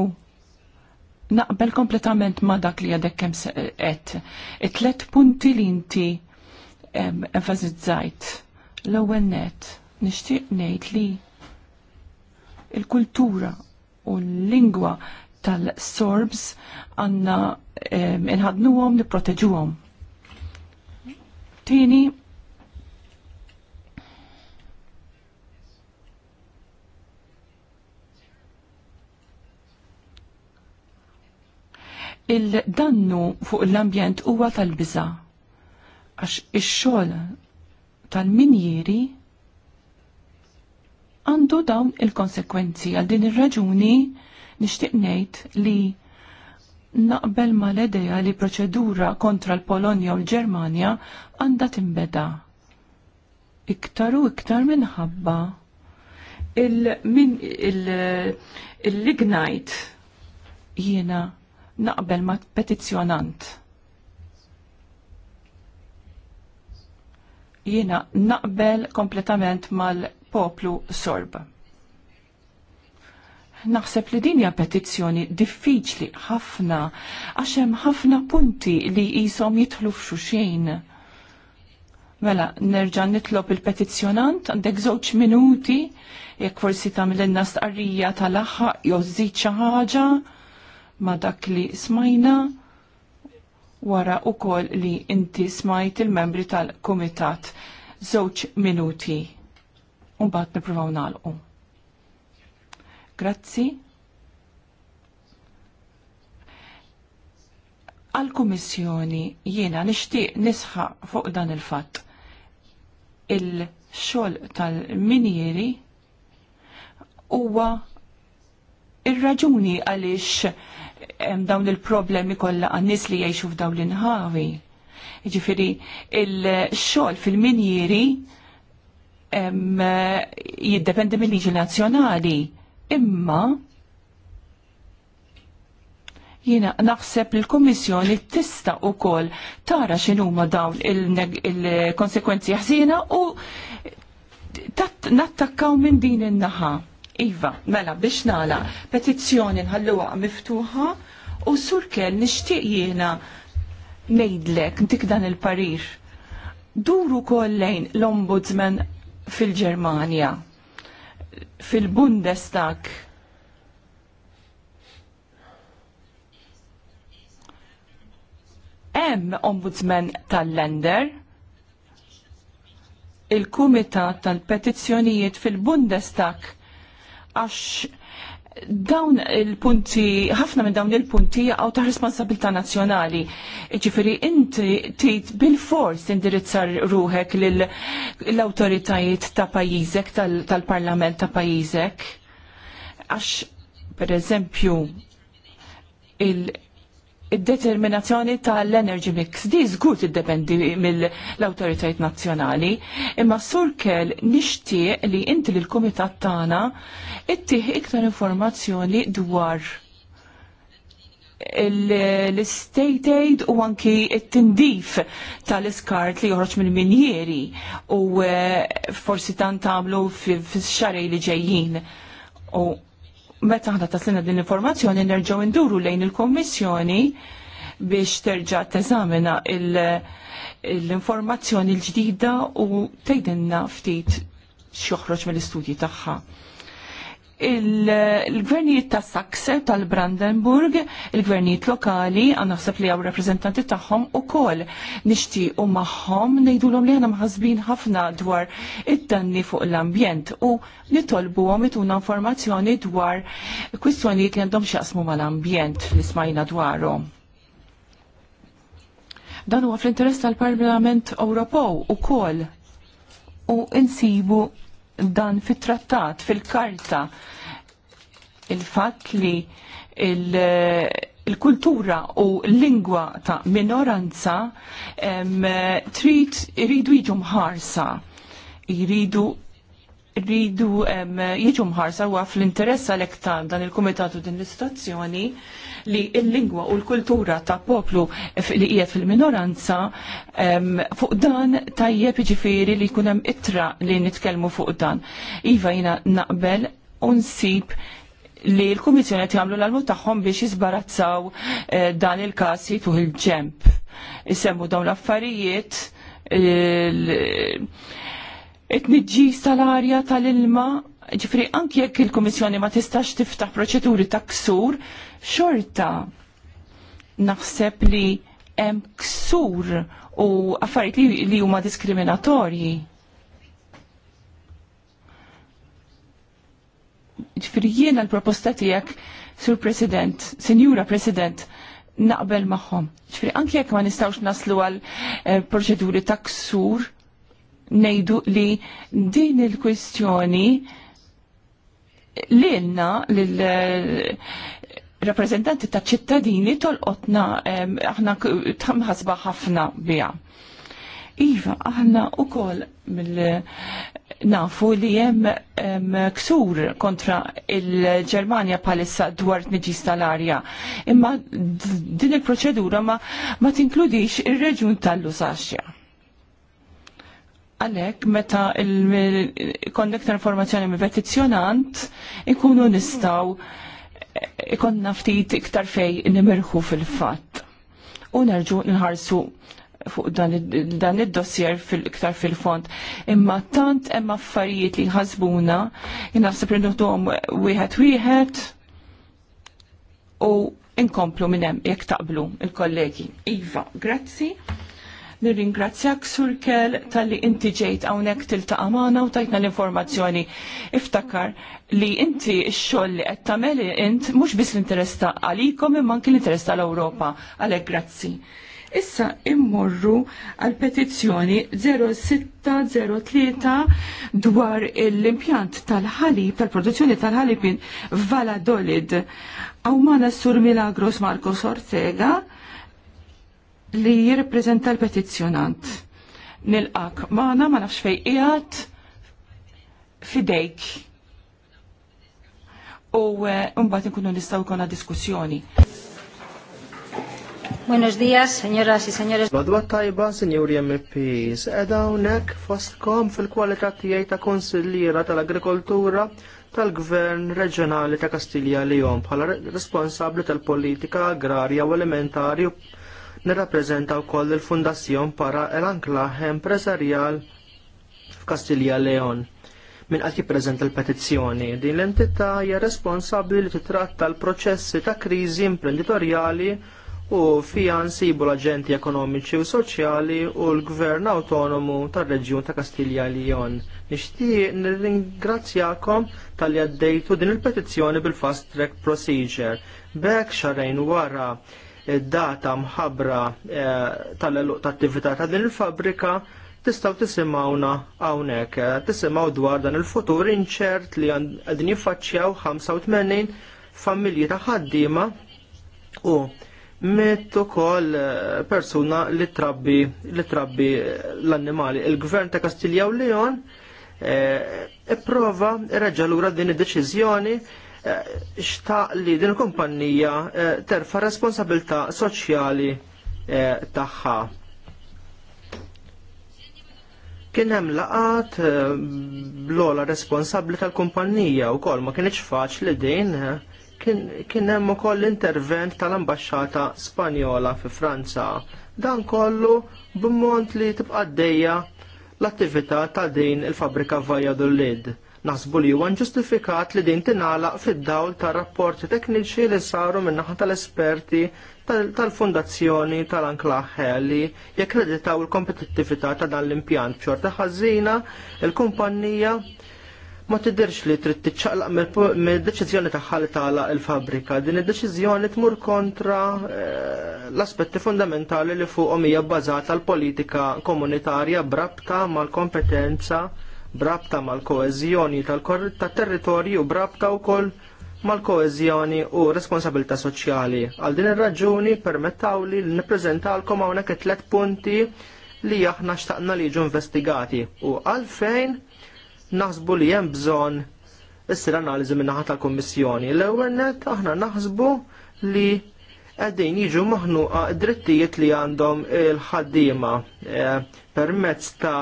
u naqbel kompletament ma dak li għadek kem qed. It-tlet punti li inti enfasizzajt L-ewwel net nixtieq ngħid li il-kultura u l-lingwa tal-sorbs għanna inħadnuhom nipproteġuhom. Tieni il-dannu fuq l-ambjent huwa tal-biża' għax ix-xogħol tal-minjeri għandu dawn il-konsekwenzi għal din ir-raġuni nixtieq ngħid li naqbel ma l-edeja li proċedura kontra l-Polonja u l-Ġermanja għandha timbeda. Iktar u iktar minħabba il-lignajt jiena naqbel ma petizzjonant Jiena naqbel kompletament mal-poplu sorb. Naħseb li dinja petizzjoni diffiċli ħafna, għax hemm ħafna punti li jisom jitħlu f'xuxin. Mela, nerġa' nitlob il-petizzjonant għandek żewġ minuti, jekk forsi tagħmel stqarrija tal-aħħaq jew żid xi ħaġa ma' dak li smajna wara u koll li inti smajt il-membri tal-komitat zoċ minuti. bat nipruvaw nalqu. Grazzi. Għal-Kummissjoni jiena nixtieq nisħa fuq dan il-fatt. Il-xogħol tal-minjeri huwa il raġuni għaliex hemm dawn il-problemi kollha għan-nies li jgħixu f'dawn l-inħawi. Ġifieri il-xogħol fil-minjieri jiddependi mill-liġi nazzjonali. Imma jina naħseb li l-Kommissjoni tista u kol tara xinuma dawn il-konsekwenzi ħsina u nattakkaw minn din in-naħa. Iva, mela biex nala petizzjoni nħalluwa miftuħa u surkel nixtieq jiena ngħidlek ntik dan il-parir. Duru kollejn l-ombudsman fil-Ġermanja, fil-Bundestag, hemm ombudsman tal-lender, il-Kumitat tal-Petizzjonijiet fil-Bundestag għax dawn il-punti, ħafna minn dawn il-punti għaw ta' responsabilta' nazjonali. Ġifiri, inti tit bil-fors indirizzar ruħek l-autoritajiet ta' pajizek, tal-parlament ta' pajizek. Għax, per eżempju, il- id-determinazzjoni tal-energy mix di żgur tiddependi mill-awtoritajiet nazzjonali, imma sur kell nixtieq li inti l kumitat tagħna ittih iktar informazzjoni dwar l-state aid u anki it-tindif tal-iskart li joħroġ mill-minjeri u eh, forsi tan tagħmlu fix-xarej li ġejjin meta aħna taslina din l-informazzjoni nerġgħu nduru lejn il-Kommissjoni biex terġa' teżamina l-informazzjoni l-ġdida u tgħidilna ftit x'joħroġ mill-istudji tagħha il-gvernijiet ta' Saxe tal-Brandenburg, il-gvernijiet lokali, għannaħseb li għaw reprezentanti tagħhom u kol u maħħom nejdulhom li għana mħazbin ħafna dwar id-danni fuq l-ambjent u nitolbu għom ituna informazzjoni dwar kwistjonijiet li għandhom xaqsmu mal-ambjent li smajna dwarhom. Dan huwa fl-interess tal-Parlament Ewropew ukoll u insibu dan fit-trattat, fil-karta, il-fat li il-kultura il u l-lingwa ta' minoranza trid iridu jiġu mħarsa, Iridu rridu jiġu u għaf fl-interess l-ektar dan il-kumitatu din l-istazzjoni li il-lingwa u l-kultura ta' poplu li hija fil-minoranza fuq dan tajjeb ġifiri li jkun hemm ittra li nitkellmu fuq dan. Iva jina naqbel unsib li l-Kummissjoni jagħmlu l-almu tagħhom biex jisbarazzaw eh, dan il-każ fuq il-ġemp. Isemmu dawn l-affarijiet it-nġis tal-arja tal-ilma Ġifri, anki jekk il-Komissjoni ma tistax tiftaħ proċeduri ta' ksur, xorta naħseb li hemm ksur u affarijiet li huma diskriminatorji. Ġifri, jiena l-proposta tiegħek, Sur President, Sinjura President, naqbel magħhom. Ġifri, anki jekk ma nistawx naslu għal eh, proċeduri ta' ksur, nejdu li din il kwestjoni l-inna l-rappresentanti eh, ta' ċittadini tolqotna aħna tamħasba ħafna bija. Iva, aħna u kol nafu li jem ksur kontra il-Germania palissa dwar t-nġis tal-arja. Imma din il-proċedura ma, ma tinkludix il-reġun tal-Lusaxja għalek meta kondek informazzjoni mi petizjonant ikunu nistaw ikonna ftit iktar fej nimirħu fil-fat. U nerġu nħarsu fuq dan id-dossier iktar fil-fond. Imma tant emma affarijiet li ħasbuna, jinaħseb li nuħdom wieħed wieħed u inkomplu minnem jek taqblu il-kollegi. Iva, grazzi. Nirringrazzjak kell tal-li inti ġejt għawnek tiltaqa' magħna u tajtna l-informazzjoni. Iftakar li inti x li qed tagħmel int mhux biss l interesta għalikom imma anke l interesta l ewropa Għalhekk grazzi. Issa immorru għal petizzjoni 0603 dwar l-impjant tal-ħalib, tal-produzzjoni tal-ħalib Valadolid. Għawmana Sur Milagros Marcos Ortega, li jirrepreżenta l-petizzjonant. Nilqak maħna ma nafx fejqijat qiegħed fidejk. U eh, mbagħad inkunu nistgħu jkollna diskussjoni. Buenos días, señoras y señores. Badwa tajba, signori MPs, edha hawnhekk fostkom fil-kwalità tiegħi ta' konsilliera tal-agrikoltura tal-Gvern Reġjonali ta' Kastilja jom bħala responsabbli tal-politika agrarja u elementari nirrappreżenta wkoll il-Fundazzjon para l-Anklaħ il Empresarjal f'Kastilja Leon. Min qatt jippreżenta l-petizzjoni, din l-entità hija responsabbli li titratta l-proċessi ta' kriżi imprenditorjali u fiha nsibu l-aġenti ekonomiċi u soċjali u l-Gvern Awtonomu tar-Reġjun ta' Kastilja Leon. Nixtieq nirringrazzjakom tal-li għaddejtu din il-petizzjoni bil-Fast Track Procedure. Bek xarajn wara data mħabra eh, tal-eluq ta' attività ta' din il-fabrika tistaw tisimawna hawnhekk. Eh, Tisimaw dwar dan il-futur inċert li għadin jiffaċċjaw 85 familji ta' ħaddiema u met ukoll eh, persuna li trabbi li trabbi l-annimali. Il-Gvern ta' Kastilja u Leon ipprova e, reġa' lura din id-deċiżjoni Eh, xtaq li din kumpanija eh, terfa responsabilta soċjali eh, tagħha. Kien hemm laqat l-ola responsabbli tal-kumpanija wkoll ma kienx faċli din kien hemm ukoll intervent tal-ambaxxata Spanjola fi Franza. Dan kollu b'mont li tibqa' l-attività ta' din il-fabrika Valladolid. Nasbu li huwa ġustifikat li din tingħalaq fid-dawl ta' rapporti tekniċi li saru min-naħa tal-esperti tal-Fundazzjoni tal-Anklaħħe li jekkreditaw il-kompetittività ta' dan l-impjant b'xorta ħażina il-kumpanija ma tidirx li trid tiċċaqlaq mid-deċiżjoni tagħha li tagħlaq il-fabrika. Din id-deċiżjoni tmur kontra eh, l-aspetti fundamentali li fuqhom hija bbażata l-politika komunitarja brabta mal-kompetenza brabta mal-koezjoni tal-territorju u brabta wkoll mal-koezjoni u responsabilità soċjali. Għal din ir-raġuni permettaw li nippreżentalkom hawnhekk it-tlet punti li aħna xtaqna li jiġu investigati u għalfejn naħsbu li hemm bżonn issir analiżi min-naħa tal-Kummissjoni. L-ewwel net aħna naħsbu li għedin jiġu maħnuqa drittijiet li għandhom il-ħaddima eh, permezz ta'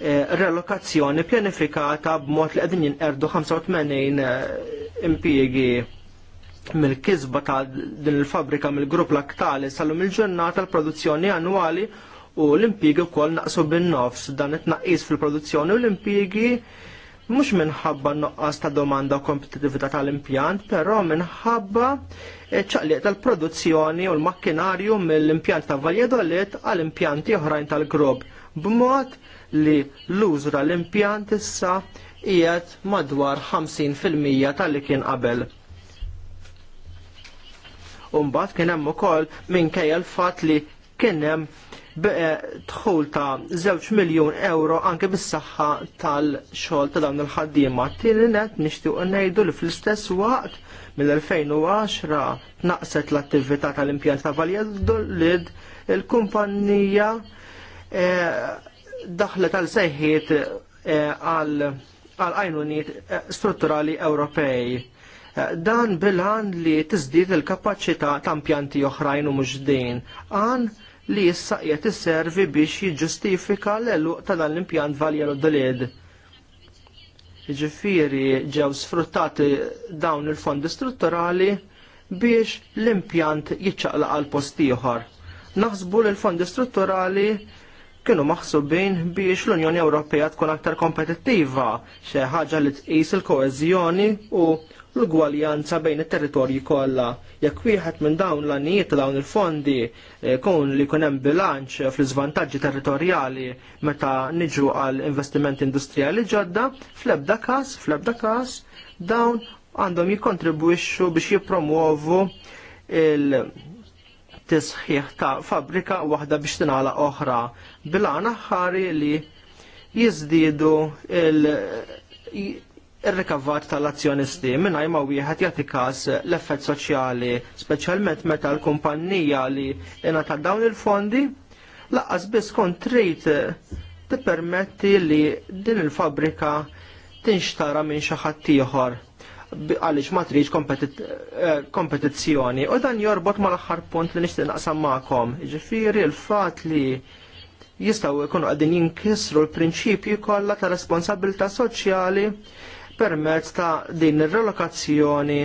E, relokazzjoni pjanifikata b'mod li qegħdin jinqerdu 85 e, impjiegi mill-kisba ta' din il-fabrika mill-grupp laktali salum il-ġurnata l-produzzjoni annwali u l-impjiegi wkoll naqsu bin-nofs dan it-tnaqqis fil-produzzjoni u l-impjiegi mhux minħabba noqqas ta' domanda u kompetitività tal-impjant, però minħabba ċaqliq tal-produzzjoni u l-makkinarju mill-impjant ta' Valladolid għall impjanti oħrajn tal-grupp b'mod li l użura l impjant issa qiegħed madwar 50% tal-li kien qabel. Umbagħad kien hemm ukoll minkejja l-fatt li kien hemm eh, dħul ta' 2 miljun euro anke bis-saħħa tal-xogħol ta' dawn il-ħaddiema. Tieni net nixtieq ngħidu li fl-istess waqt mill-2010 naqset l-attività tal-impjant ta' Valladolid il-kumpanija eh, daħla tal-sejħiet eh, għal għajnuniet eh, strutturali Ewropej. Eh, dan bil-għan li tizdid il kapacita ta' impjanti oħrajn u mhux Għan li issa qiegħed isservi biex jiġġustifika l-eluq ta' dan l-impjant valjeru d dalid Ġifieri ġew sfruttati dawn il-fondi strutturali biex l-impjant jiċċaqlaq għal postiħor. ieħor. Naħsbu l-fondi strutturali kienu maħsubin biex l-Unjoni Ewropea tkun aktar kompetittiva, xi ħaġa li tqis il-koeżjoni u l-ugwaljanza bejn it-territorji kollha. Jekk wieħed minn dawn l-anijiet dawn il-fondi eh, kun li kun hemm bilanċ fl-iżvantaġġi territorjali meta niġu għal investimenti industrijali ġodda, fl-ebda każ, fl-ebda każ dawn għandhom jikkontribwixxu biex jippromuovu il tisħiħ ta' fabrika waħda biex tingħalaq oħra bilana ħari li jizdidu il- ir-rikavat tal-azzjonisti minna jma wieħed jħat jatikas l-effett soċjali, speċjalment meta l kumpannija li ingħata dawn il-fondi laqqas biss kontrit trid tippermetti li din il-fabrika tinxtara minn xi ħadd ieħor għaliex ma tridx eh, kompetizzjoni. U dan jorbot mal-aħħar punt li nixtieq naqsam magħkom. Ġifiri, l-fatt li jistgħu jkunu għaddin jinkisru l-prinċipji kollha ta' responsabilità soċjali permezz ta' din ir-relokazzjoni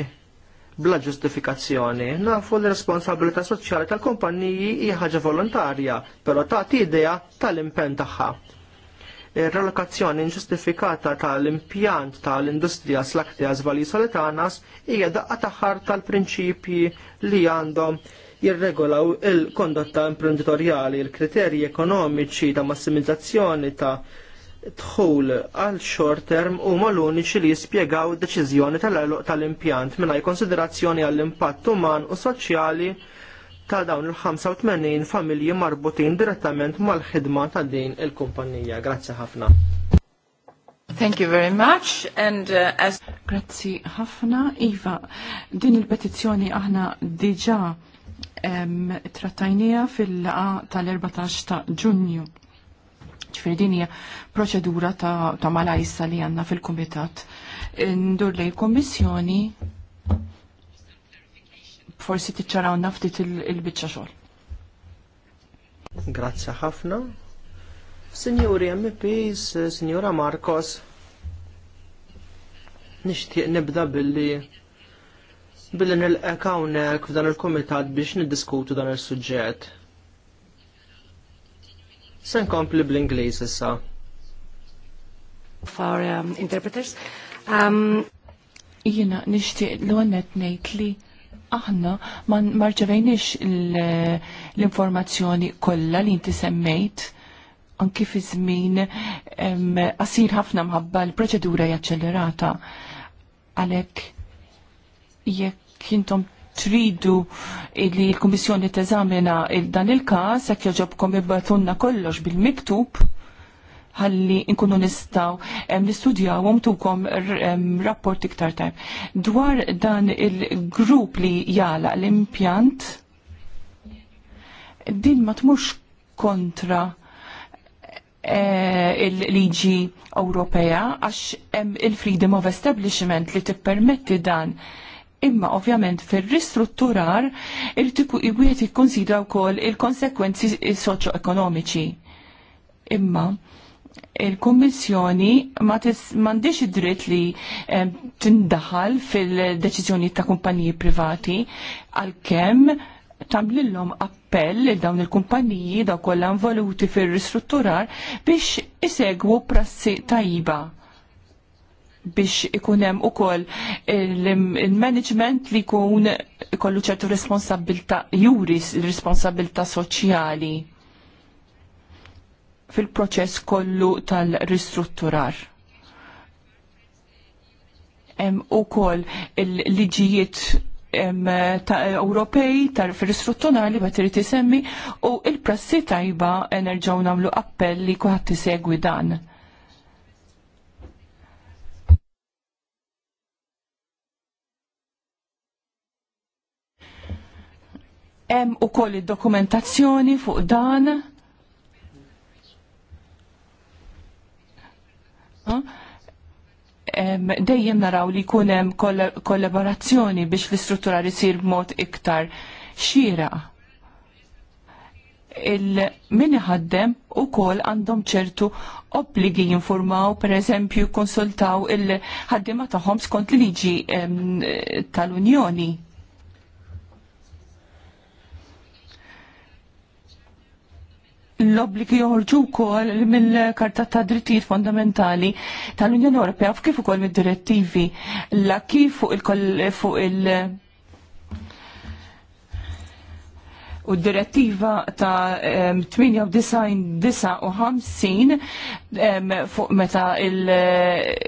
bla ġustifikazzjoni. Nafu l responsabilità soċjali tal-kumpanniji hija ħaġa volontarja, però tagħti idea tal-impenn tagħha relokazzjoni inġustifikata tal-impjant tal-industrija slaktija zvali solitanas hija daqqa taħħar tal-prinċipji li għandhom jirregolaw il-kondotta imprenditorjali, il-kriterji ekonomiċi ta' massimizzazzjoni ta' dħul għal short term u mal-uniċi li jispiegaw deċiżjoni tal-impjant minna konsiderazzjoni għall-impatt uman u soċjali ta' dawn il-85 familji marbutin direttament mal-ħidma ta' din il-kumpanija. Grazzi ħafna. Thank you very much and uh, as Grazzi ħafna Iva din il-petizzjoni aħna diġa trattajnija fil-laqa tal-14 ta' ġunju. Ġifiri din hija proċedura ta', ta malajsa li għanna fil-Kumitat. Ndur li l-Kommissjoni forsi tiċċaraw naftit il-bicċa xogħol. Grazzi ħafna. Signori MPs, Signora Marcos, nixtieq nibda billi billi nil-ekawnek f'dan il-komitat biex niddiskutu dan il-sujġet. Sen kompli bl-Inglis issa. For um, interpreters. Um... Jina, nishti l-għonet nejt li aħna ma marġavejnix l-informazzjoni kollha li inti semmejt anki fi żmien asir ħafna mħabba l-proċedura jaċċelerata għalhekk jekk intom tridu li l-Kummissjoni teżamina il dan il-każ jekk joġobkom ibbatunna kollox bil-miktub ħalli nkunu nistaw nistudjawhom tukom rapport iktar tajm. Dwar dan il-grupp li jala l-impjant din ma tmux kontra e, il-liġi Ewropea għax hemm il-freedom of establishment li tippermetti dan imma ovvjament fil-ristrutturar il-tipu iwiet jikkonsidra wkoll il-konsekwenzi soċo-ekonomiċi. Imma il-Kommissjoni ma m'għandix id-dritt li eh, tindaħal fil deċizjoni ta' kumpaniji privati għalkemm tamlillhom appell lil dawn il-kumpaniji da kollan involuti fir-ristrutturar biex isegwu prassi tajiba biex ikun hemm ukoll il-management li jkun ikollu ċertu responsabilta juris responsabilta soċjali fil-proċess kollu tal-ristrutturar. Hemm ukoll il-liġijiet ta' Ewropej ta' fil-ristrutturar li bat irid isemmi u il-prassi tajba nerġgħu nagħmlu appell li kuħat tisegwi dan Hemm ukoll id-dokumentazzjoni fuq dan. Dejjem naraw li jkun hemm kollaborazzjoni biex l-istruttura jsir b'mod iktar xira. Il-min ħaddem u għandhom ċertu obbligi jinformaw, per eżempju, konsultaw il-ħaddima tagħhom skont liġi tal-Unjoni. l-obbligi joħorġu wkoll mill-Karta ta' Drittijiet Fondamentali tal-Unjoni Ewropea kif ukoll mid-direttivi la kif fuq il- fuq il- u d-direttiva ta' 98-59 fuq meta il-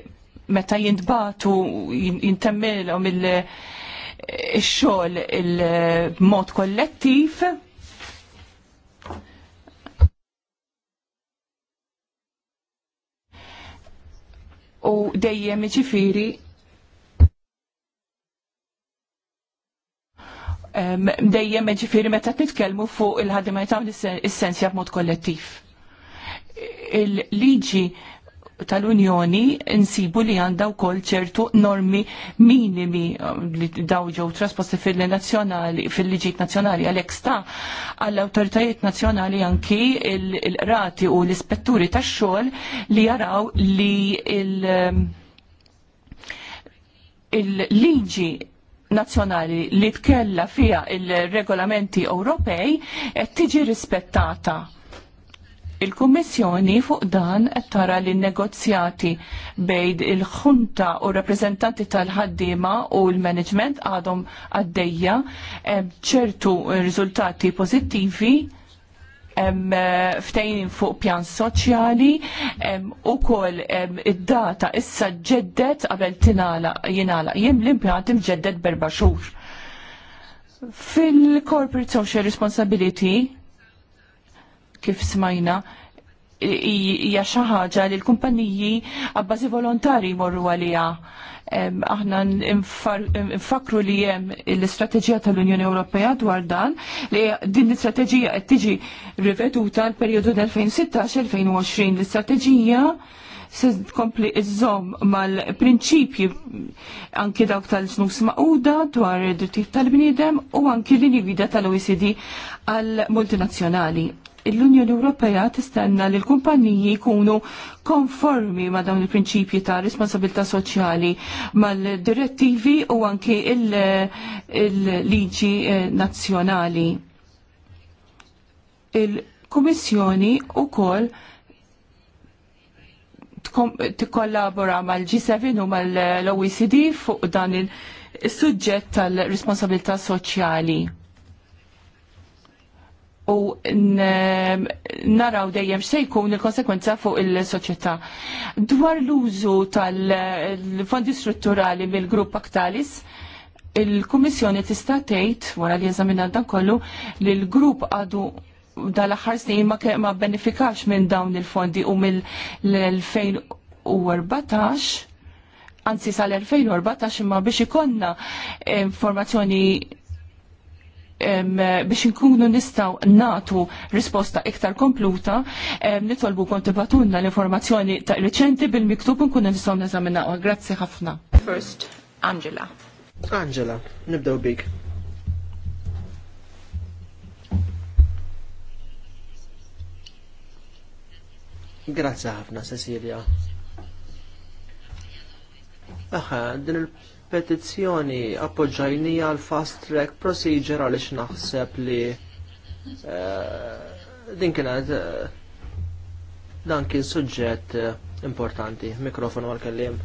meta jintbatu jintemmilhom il-xogħol il-mod kollettiv u dejjem ġifiri dejjem ġifiri meta nitkellmu fuq il ħadimajtaw dawn is-sensja b'mod kollettiv. Il-liġi tal-Unjoni insibu li għandha wkoll ċertu normi minimi uh, li daw ġew trasposti fil-nazzjonali fil-liġijiet nazzjonali għalhekk sta għall-awtoritajiet nazzjonali anki l-rati u l-ispetturi tax-xogħol li jaraw li um, il-liġi nazzjonali li tkella fija il-regolamenti Ewropej qed tiġi rispettata Il-Kummissjoni fuq dan qed tara li negozjati bejn il-ħunta u rappreżentanti tal-ħaddiema u l-management għadhom għaddejja ċertu riżultati pożittivi eh, ftejn fuq pjan soċjali u kol id-data issa ġeddet qabel tinala jinala jim l impjant imġeddet berba xhur. Fil-Corporate Social Responsibility kif smajna, hija xi ħaġa li l-kumpaniji abbażi volontari jmorru għaliha. Aħna nfakru li hemm l-istrateġija tal-Unjoni Ewropea dwar dan li din l-istrateġija qed tiġi riveduta l-perjodu 2016-2020. L-istrateġija se tkompli iżżomm mal-prinċipji anki dawk tal-snus maquda dwar id-drittijiet tal-bniedem u anki l-linji gwida tal-OECD għal-multinazzjonali l-Unjoni Ewropea tistenna li l-kumpaniji jkunu konformi ma' dawn il-prinċipji ta' responsabilità soċjali mal-direttivi u anke il-liġi eh, nazzjonali. Il-Kummissjoni u tikkollabora mal-G7 u mal-OECD fuq dan il suġġett tal-responsabilità soċjali u naraw dejjem se jkun il-konsekwenza fuq il-soċjetà. Dwar l-użu tal-fondi strutturali mill-grupp Aktalis, il-Kummissjoni tista' tgħid wara li eżamina dan kollu li l-grupp għadu dal-aħħar snin ma, ma benefikax minn dawn il-fondi u mill-2014 anzi sal-2014 imma biex ikonna informazzjoni biex inkunu nistaw natu risposta iktar kompluta, nitolbu konti batunna l-informazzjoni ta' reċenti bil-miktub nkunu nistaw neżamina. Grazie ħafna. First, Angela. Angela, nibdaw bik. Grazie ħafna, Cecilia. Aha, din il petizzjoni appoġġajni għal fast track procedure għaliex naħseb li eh, din kienet eh, dan kien suġġett eh, importanti. Mikrofon għal kellim.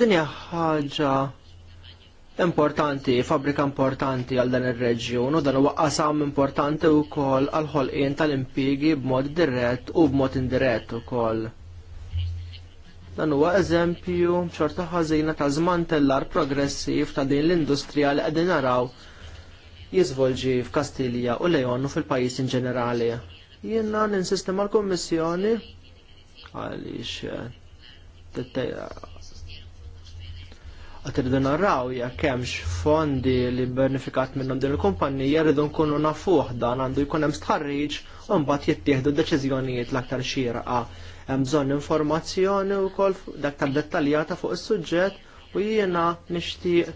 Dinja ħaġa importanti, fabrika importanti għal dan ir-reġjun u dan huwa qasam importanti wkoll għal ħolqien tal-impjiegi b'mod dirett u b'mod indirett ukoll. Dan huwa eżempju ċorta ħażina ta' żman tellar progressiv ta' din l-industrija li qegħdin naraw jiżvolġi f'Kastilja u Lejon u fil-pajjiż in ġenerali. Jiena ninsistema l kummissjoni għaliex Għat irridu narraw jekk hemmx fondi li benefikat minnhom din il-kumpanija rridu nkunu nafuh dan għandu jkun hemm stħarriġ u mbagħad jittieħdu deċiżjonijiet l-aktar xieraqa. Hemm bżonn informazzjoni wkoll l-aktar dettaljata fuq is-suġġett u jiena nixtieq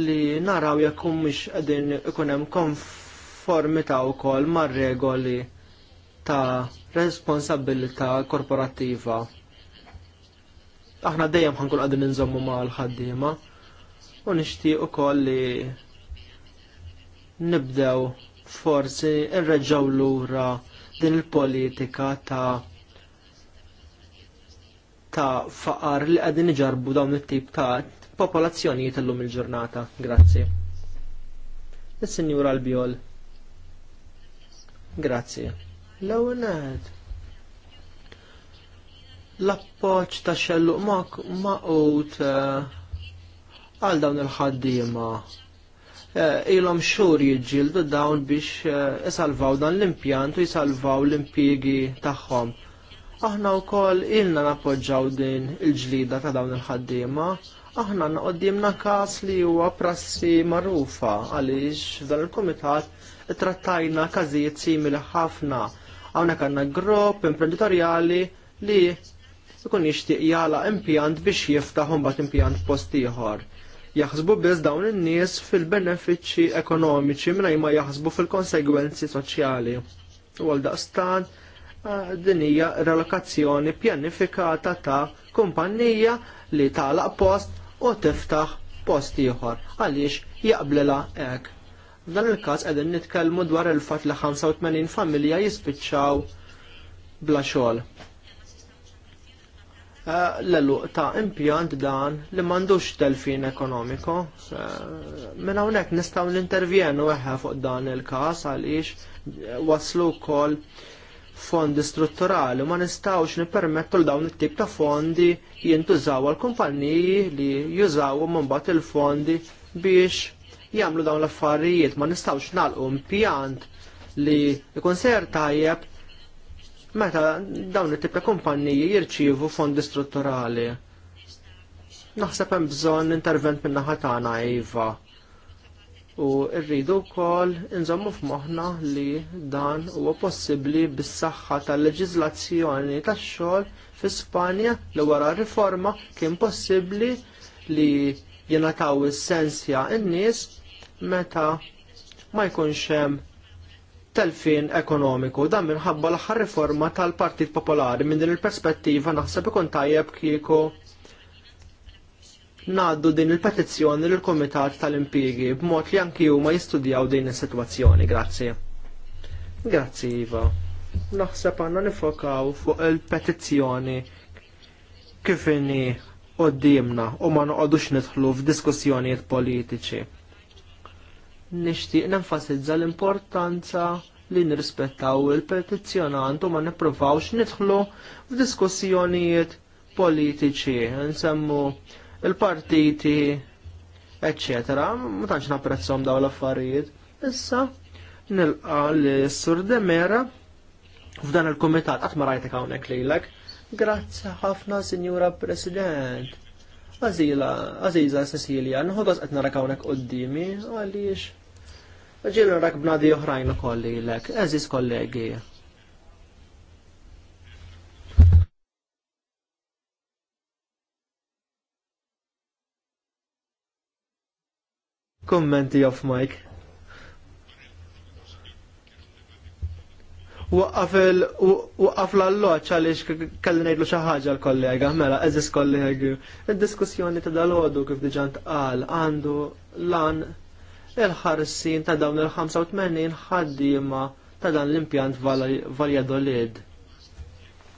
li naraw jekk mhux qegħdin ikun hemm konformità wkoll mar-regoli ta' responsabilità korporattiva aħna dejjem ħankun għadin nżommu ma' l-ħaddima u nixtieq ukoll li nibdew forsi nreġgħu lura din il-politika ta' ta' faqar li qegħdin iġarbu dawn it-tip ta' popolazzjonijiet illum il-ġurnata. Grazzi. Is-Sinjura Albiol. Grazzi. l L-appoġġ ta' xelluq mak ut eh, għal dawn il-ħaddiema eh, ilhom xhur jġildu dawn biex eh, isalvaw dan l-impjant u jisalvaw l-impjiegi tagħhom. Aħna wkoll ilna nappoġġaw din il-ġlida ta' dawn il-ħaddiema aħna naqoddimna kas li huwa prassi magħrufa għaliex dan il-kumitat trattajna każijiet simili ħafna. Hawnhekk għandna grupp imprenditorjali li ikun jixtieq jala impjant biex jiftaħ imbagħad impjant post ieħor. Jaħsbu biss dawn in-nies fil-benefiċċji ekonomiċi mingħajr ma jaħsbu fil-konsegwenzi soċjali. U għal daqstan din hija relokazzjoni pjanifikata ta' kumpanija li tagħlaq post u tiftaħ post ieħor għaliex jaqblilha hekk. F'dan il-każ qegħdin nitkellmu dwar il-fatt li 85 familja jispiċċaw bla xogħol. Eh, l-luq ta' impjant dan li mandux telfin ekonomiku. Minn hawnhekk nistgħu nintervjenu eħe fuq dan il-każ għaliex eh, waslu wkoll fondi strutturali ma nistawx nippermettu l-dawn it-tip ta' fondi jintużaw għal kumpanniji li jużaw mbagħad il-fondi biex jagħmlu dawn l-affarijiet ma nistawx nagħlqu impjant li jkun ser tajjeb meta dawn it-tip ta' kumpanniji jirċievu fondi strutturali. Naħseb hemm bżonn intervent minn naħa tagħna iva. U rridu wkoll inżommu f'moħħna li dan huwa possibbli bis-saħħa tal-leġiżlazzjoni tax-xogħol fi Spanja li wara r riforma kien possibbli li jingħataw is-sensja n-nies meta ma jkunx hemm telfin ekonomiku. Dan minħabba l-aħħar riforma tal-Partit Popolari minn din il-perspettiva naħseb ikun tajjeb kieku ngħaddu din il-petizzjoni lill kumitat tal-Impjigi b'mod li anki huma jistudjaw din is-sitwazzjoni. Grazzi. Grazzi Iva. Naħseb għandna nifokaw fuq il-petizzjoni kif inni qoddimna u ma noqogħdux nidħlu f'diskussjonijiet politiċi nixtieq nenfasizza l-importanza li nirrispettaw il-petizzjonant u ma nippruvawx nidħlu f'diskussjonijiet politiċi, nsemmu il-partiti, eccetera, ma tantx napprezzhom dawn l-affarijiet. Issa nilqa li sur Demera f'dan il-kumitat qatt ma rajtek hawnhekk lilek. Grazzi ħafna, Sinjura President. Azila, Aziza, Cecilia, nħodos qed narak hawnhekk dimi għaliex. Ġil rak b'nadi oħrajn ukoll lilek, eżis kollegi. Kommenti off Mike. waqqaf l-alloċ għaliex kelli ngħidlu xi ħaġa l-kollega, mela eżis kollegi. Id-diskussjoni ta' dal ħodu kif diġà tqal għandu lan il-ħarsin ta' dawn il-85 ħaddiema ta' dan l-impjant Valjadolid.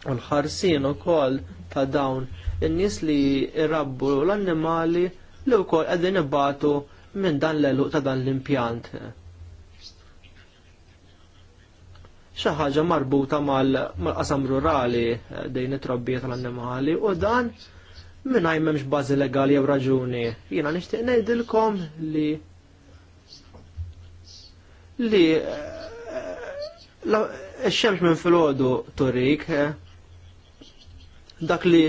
U l-ħarsin ukoll ta' dawn in-nies li irrabbu l-annimali li wkoll qegħdin ibatu minn dan l-eluq ta' dan l-impjant. xi ħaġa marbuta mal-qasam rurali eh, dejn it-trobbija tal-annimali u dan mingħajr m'hemmx bażi legali jew raġuni. Jiena nixtieq ngħidilkom li li eh, x-xemx minn filgħodu torik eh, dak li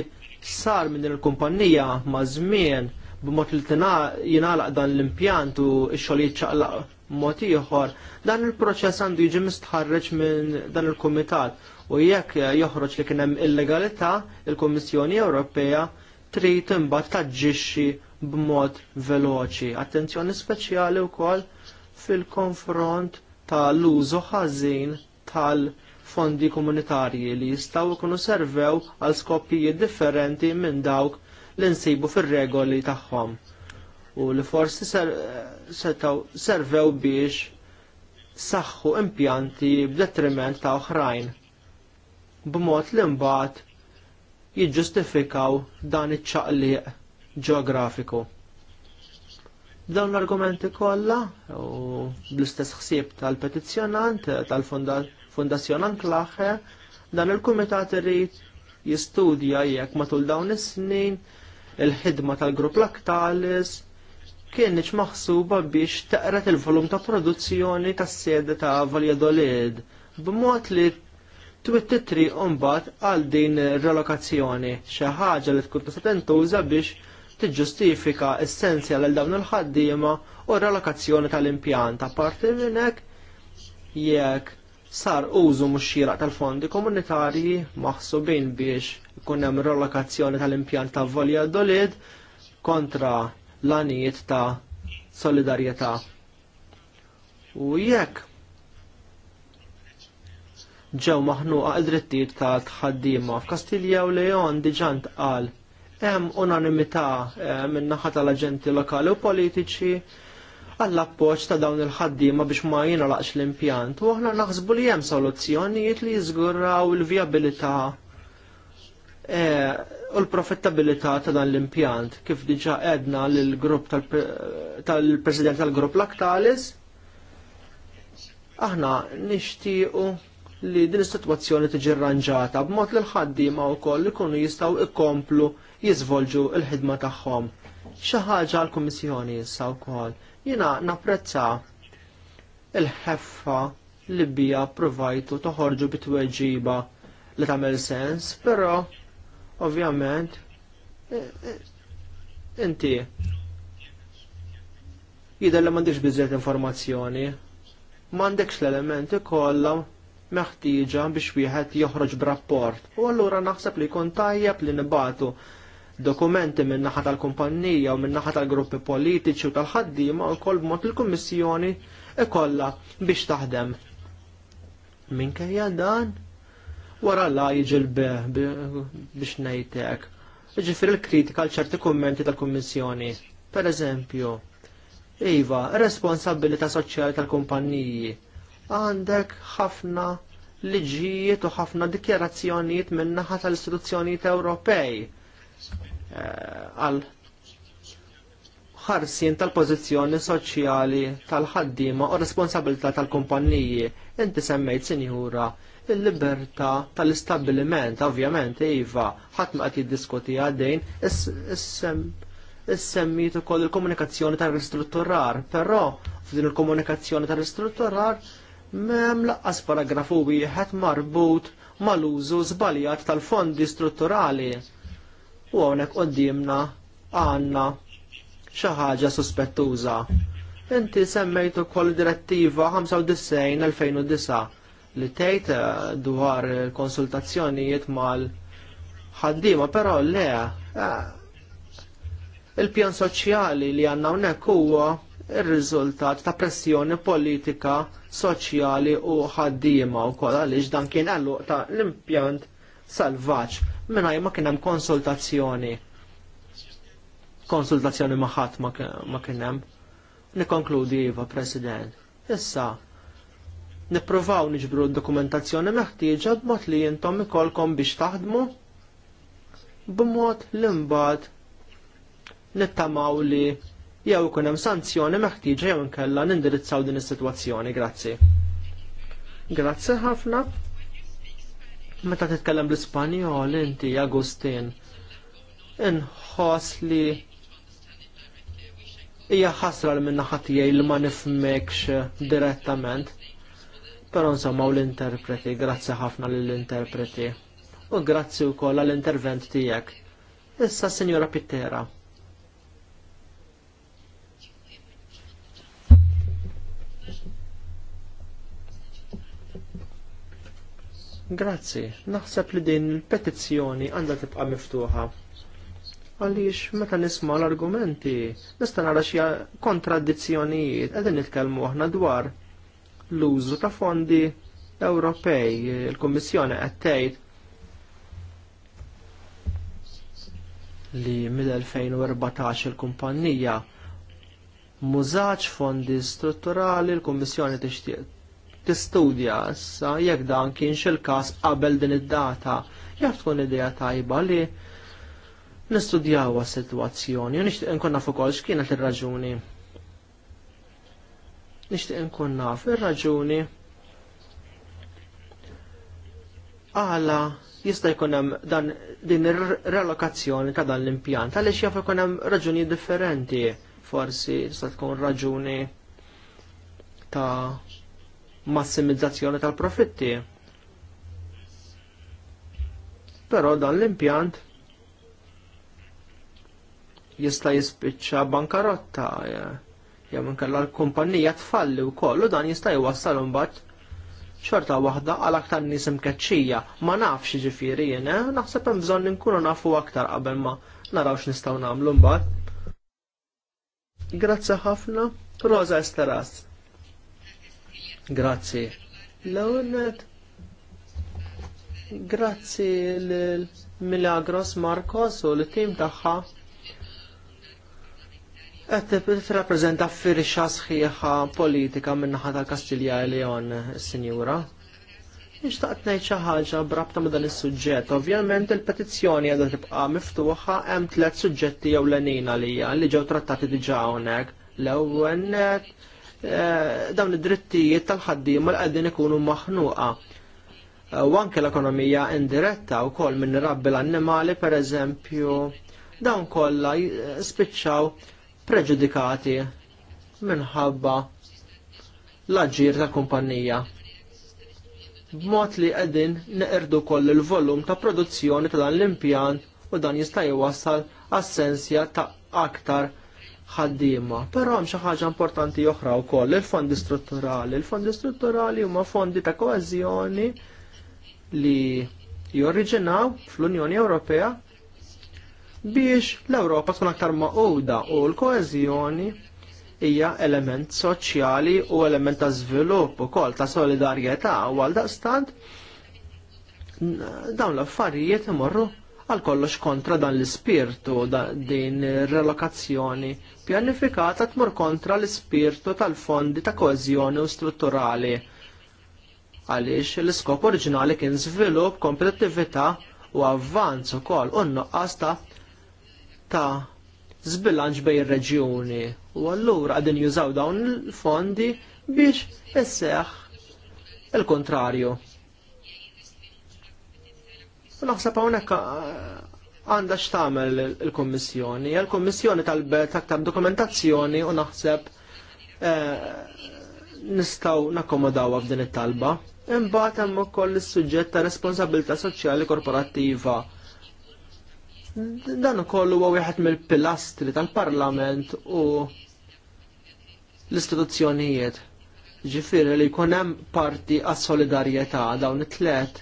sar minn din il-kumpanija ma' żmien b'mod li jingħalaq dan l-impjant u x-xogħlijiet ċaqlaq mod ieħor. Dan il-proċess għandu jiġi mistħarreġ minn dan il-kumitat u jekk joħroġ li kien hemm illegalità, il-Kummissjoni Ewropea trid imbagħad taġġixxi b'mod veloċi. Attenzjoni speċjali wkoll fil-konfront tal-użu ħażin tal-fondi komunitarji li jistgħu jkunu servew għal skopijiet differenti minn dawk li insibu fir-regoli tagħhom u li forsi setaw servew biex saħħu impjanti b'detriment ta' oħrajn b'mod li mbagħad jiġġustifikaw dan iċ-ċaqliq ġeografiku. Dawn l-argumenti kollha u bl-istess ħsieb tal-petizzjonant tal fundazzjon anklaħe dan il-kumitat irid jistudja jekk matul dawn is-snin il-ħidma tal-grupp Laktalis kienieċ maħsuba biex taqret il-volum ta' produzzjoni tas sede ta' Valladolid b'mod li twittitri umbat għal din relokazzjoni xi ħaġa li tkun tista' tintuża biex tiġġustifika essenzja għal dawn il-ħaddiema u relokazzjoni tal-impjant parti minn hekk jekk sar użu mhux xieraq tal-fondi komunitarji maħsubin biex ikun hemm relokazzjoni tal-impjant ta' Valladolid kontra l-għanijiet ta' solidarjetà. U jekk ġew maħnuqa id-drittijiet ta' tħaddiema f'Kastilja u Leon diġant tqal hemm unanimità eh, min-naħa tal-aġenti lokali u politiċi għall appoġġ ta' dawn il-ħaddiema biex ma jingħalaqx l-impjant u aħna naħsbu li hemm soluzzjonijiet li jiżguraw il-vjabilità Eh, u l profittabilità ta' dan l-impjant kif diġa edna l-grupp tal-president tal-grupp l l-aktalis aħna nixtiequ li din is-sitwazzjoni tiġi rranġata b'mod li l-ħaddiema wkoll kunu jistgħu jkomplu jiżvolġu l-ħidma tagħhom. Xi ħaġa l-Kummissjoni issa wkoll. Jiena napprezza il-ħeffa li bija provajtu toħorġu bitweġiba li tagħmel sens, però Ovvjament, inti jidher li m'għandix biżżejjed informazzjoni, m'għandekx l-elementi kollha meħtieġa biex wieħed joħroġ b'rapport. U allura naħseb li jkun tajjeb li nibatu dokumenti minn naħa tal-kumpanija u minn naħa tal-gruppi politiċi u tal-ħaddiema u b'mod il-Kummissjoni ikolla biex taħdem. Minkejja dan wara la jiġi biex ngħidlek. Ġifir il-kritika għal ċerti kummenti tal-Kummissjoni. Per eżempju, Iva, responsabilità soċjali tal-kumpanniji. Għandek ħafna liġijiet u ħafna dikjarazzjonijiet min-naħa tal-istituzzjonijiet Ewropej eh, għal ħarsien tal-pożizzjoni soċjali tal-ħaddiema u responsabilità tal-kumpanniji. Inti semmejt sinjura il-libertà tal-istabbiliment, ovvjament, iva, ħadd ma qed jiddiskuti għaddejn, is-semmit ukoll il-komunikazzjoni tal-ristrutturar, però f'din il-komunikazzjoni tal-ristrutturar m'hemm laqqas paragrafu wieħed marbut mal-użu żbaljat tal-fondi strutturali. U hawnhekk qudiemna għandna xi ħaġa suspettuża. Inti semmejtu ukoll direttiva 95-2009 li tgħid eh, dwar konsultazzjonijiet mal ħaddiema, però le eh, il-pjan soċjali li għandna hawnhekk huwa ir-riżultat ta' pressjoni politika, soċjali u ħaddiema wkoll għaliex dan kien għalluq ta' l-impjant salvaġġ mingħajr ma kien hemm konsultazzjoni konsultazzjoni maħat ma hemm, Nikonkludi, Iva, President. Issa, nippruvaw niġbru d-dokumentazzjoni meħtieġa b'mod li jintom ikolkom biex taħdmu b'mod li mbagħad nittamaw li jew ikun hemm sanzjoni meħtieġa jew inkella nindirizzaw din is-sitwazzjoni. Grazzi. Grazzi ħafna. Meta titkellem l-Ispanjol inti Agustin inħoss li hija ħasra l minna ħatijaj li ma nifmekx direttament. Però nsemmaw l-interpreti, grazzi ħafna lill-interpreti. U grazzi wkoll għall-intervent tiegħek. Issa Sinjora Pittera. Grazzi, naħseb li din il-petizzjoni għandha tibqa' miftuħa. Għaliex meta nisma' l-argumenti, nista' nara xi kontradizzjonijiet qegħdin nitkellmu aħna dwar l-użu ta' fondi Ewropej. Il-Kummissjoni qed tgħid li mill-2014 il-kumpanija mużax fondi strutturali l-Kummissjoni tixtieq tistudja issa jekk dan kienx il-każ qabel din id-data. Jaf tkun idea tajba li nistudjaw is-sitwazzjoni u nixtieq nkun fuq kienet x'kienet ir-raġuni nixtieq nkun naf ir-raġuni għala jista' jkun hemm dan din ir-relokazzjoni ta' dan l-impjant għaliex jaf ikun hemm raġuni differenti forsi tista' tkun raġuni ta' massimizzazzjoni tal-profitti. Però dan l-impjant jista' jispiċċa bankarotta eh, jew inkella l-kumpanija tfalli wkoll u dan jista' jwassal imbagħad xorta waħda għal aktar nies imkeċċija. Ma nafx jiġifieri jiena, eh? naħseb hemm bżonn inkunu nafu aktar qabel ma naraw x'nistgħu nagħmlu mbagħad. Grazzi ħafna, Rosa Esteras. Grazzi. l Grazzi l-Milagros Marcos u l-tim tagħha Qed tirrappreżenta firxa sħiħa politika min-naħa ta' Kastilja Leon, sinjura. Nixtaqt ngħid xi ħaġa brabta ma' dan is-suġġett. Ovvjament il-petizzjoni għadha tibqa' miftuħa hemm tliet suġġetti jew lenin għalija li ġew trattati diġà hawnhekk. L-ewwel eh, dawn id-drittijiet tal ħaddim li qegħdin ikunu maħnuqa. Eh, u anke l-ekonomija indiretta wkoll minn rabbi l-annimali pereżempju dawn kollha spiċċaw preġudikati minħabba l-aġir ta' kumpanija. B'mod li qegħdin neqerdu koll il-volum ta' produzzjoni ta' dan l-impjan u dan jista' jwassal assenzja ta' aktar ħaddiema. Però hemm xi ħaġa importanti oħra wkoll il-fondi strutturali. Il-fondi strutturali huma fondi ta' koeżjoni li jorriġinaw fl-Unjoni Ewropea biex l-Ewropa tkun aktar maquda u l-koeżjoni hija element soċjali u element ta' żvilupp ukoll ta' solidarjetà u għal daqstant dawn l-affarijiet imorru għal kollox kontra dan l-ispirtu din relokazzjoni pjanifikata tmur kontra l-ispirtu tal-fondi ta' koezjoni u strutturali għaliex l-iskop oriġinali kien żvilupp, kompetittività u avvanz ukoll u nuqqas ta' ta' zbilanċ bej ir-reġjuni u allura għadin jużaw dawn il-fondi biex isseħ il-kontrarju. naħseb hawnhekk għandha x'tagħmel il-Kummissjoni. Il-Kummissjoni talbet aktar dokumentazzjoni u naħseb eh, nistgħu nakkomodawha f'din it-talba. Imbagħad hemm ukoll is-suġġett ta' responsabilità soċjali korporattiva Dan ukoll huwa wieħed mill-pilastri tal-Parlament u l-istituzzjonijiet. Ġifiri li jkun hemm parti għas-solidarjetà dawn it-tlet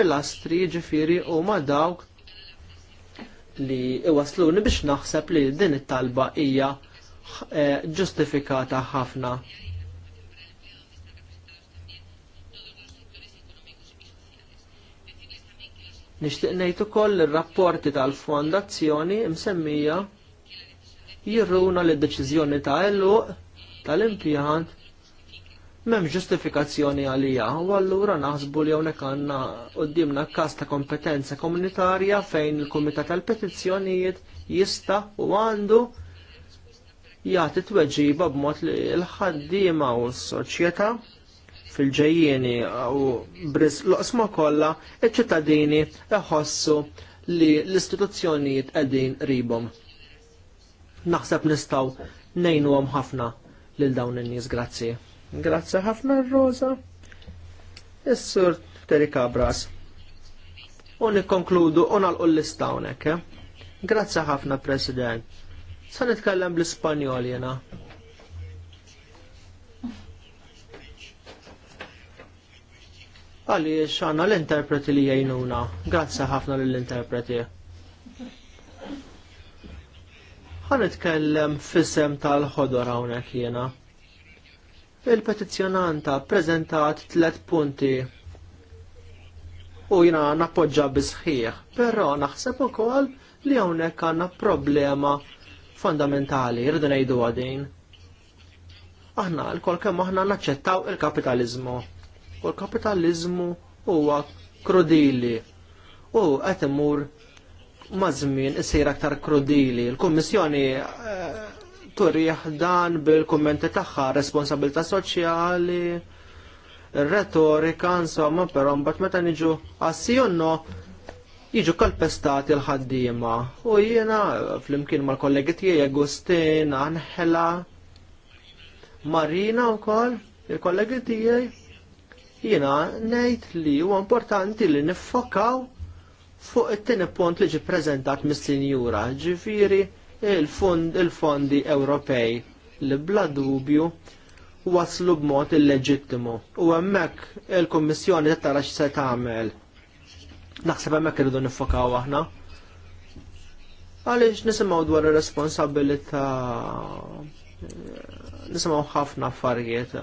pilastri ġifieri huma dawk li iwasluni biex naħseb li din it-talba hija eh, ġustifikata ħafna Nixtieq ngħid ukoll ir-rapporti tal-fondazzjoni msemmija jirruna li deċiżjoni ta' eluq tal-impjant m'hemm ġustifikazzjoni għalija u allura naħsbu li hawnhekk għandna qudiemna każ ta' kompetenza komunitarja fejn il-Kumitat tal-Petizzjonijiet jista' u għandu jagħti tweġiba b'mod li l-ħaddiema u s-soċjetà fil-ġejjieni u bris l-osma kollha iċ-ċittadini iħossu li l-istituzzjonijiet qegħdin ribhom. Naħseb nistgħu ngħinuhom ħafna lil dawn in-nies grazzi. Grazzi ħafna Rosa. Is-sur Teri Kabras. U nikkonkludu u nagħlqu l istawnek hawnhekk. Eh? Grazzi ħafna President. Sa nitkellem bl-Ispanjol jena. għaliex għandna l-interpreti li jgħinuna. Grazzi ħafna lill-interpreti. Ħan itkellem fissem tal-ħodor hawnhekk jiena. Il-petizzjonanta prezentat tliet punti u jina napoġġa bisħiħ, però naħseb ukoll li hawnhekk għandna problema fondamentali, rridu ngħidu għadin. Aħna l-kol kemm aħna naċċettaw il-kapitalizmu u l-kapitalizmu huwa krudili. u qed imur mażmin isir aktar krudili. Il-Kummissjoni eh, turiħ dan bil-kummenti tagħha responsabilità soċjali, retorika, insomma, però mbagħad meta niġu assi no jiġu kalpestati l-ħaddiema. U jiena flimkien mal-kollegi tiegħi Agustin, Anħela, Marina wkoll, il-kollegi tiegħi Jiena ngħid li huwa importanti li niffokaw fuq it-tieni punt li ġi prezentat mis-sinjura, ġifiri il-fondi Ewropej li bla dubju waslu b'mod illeġittimu. U hemmhekk il-Kummissjoni qed tara x'se tagħmel. Naħseb hemmhekk irridu niffokaw aħna. Għaliex nisimgħu dwar ir-responsabilità nisimgħu ħafna affarijiet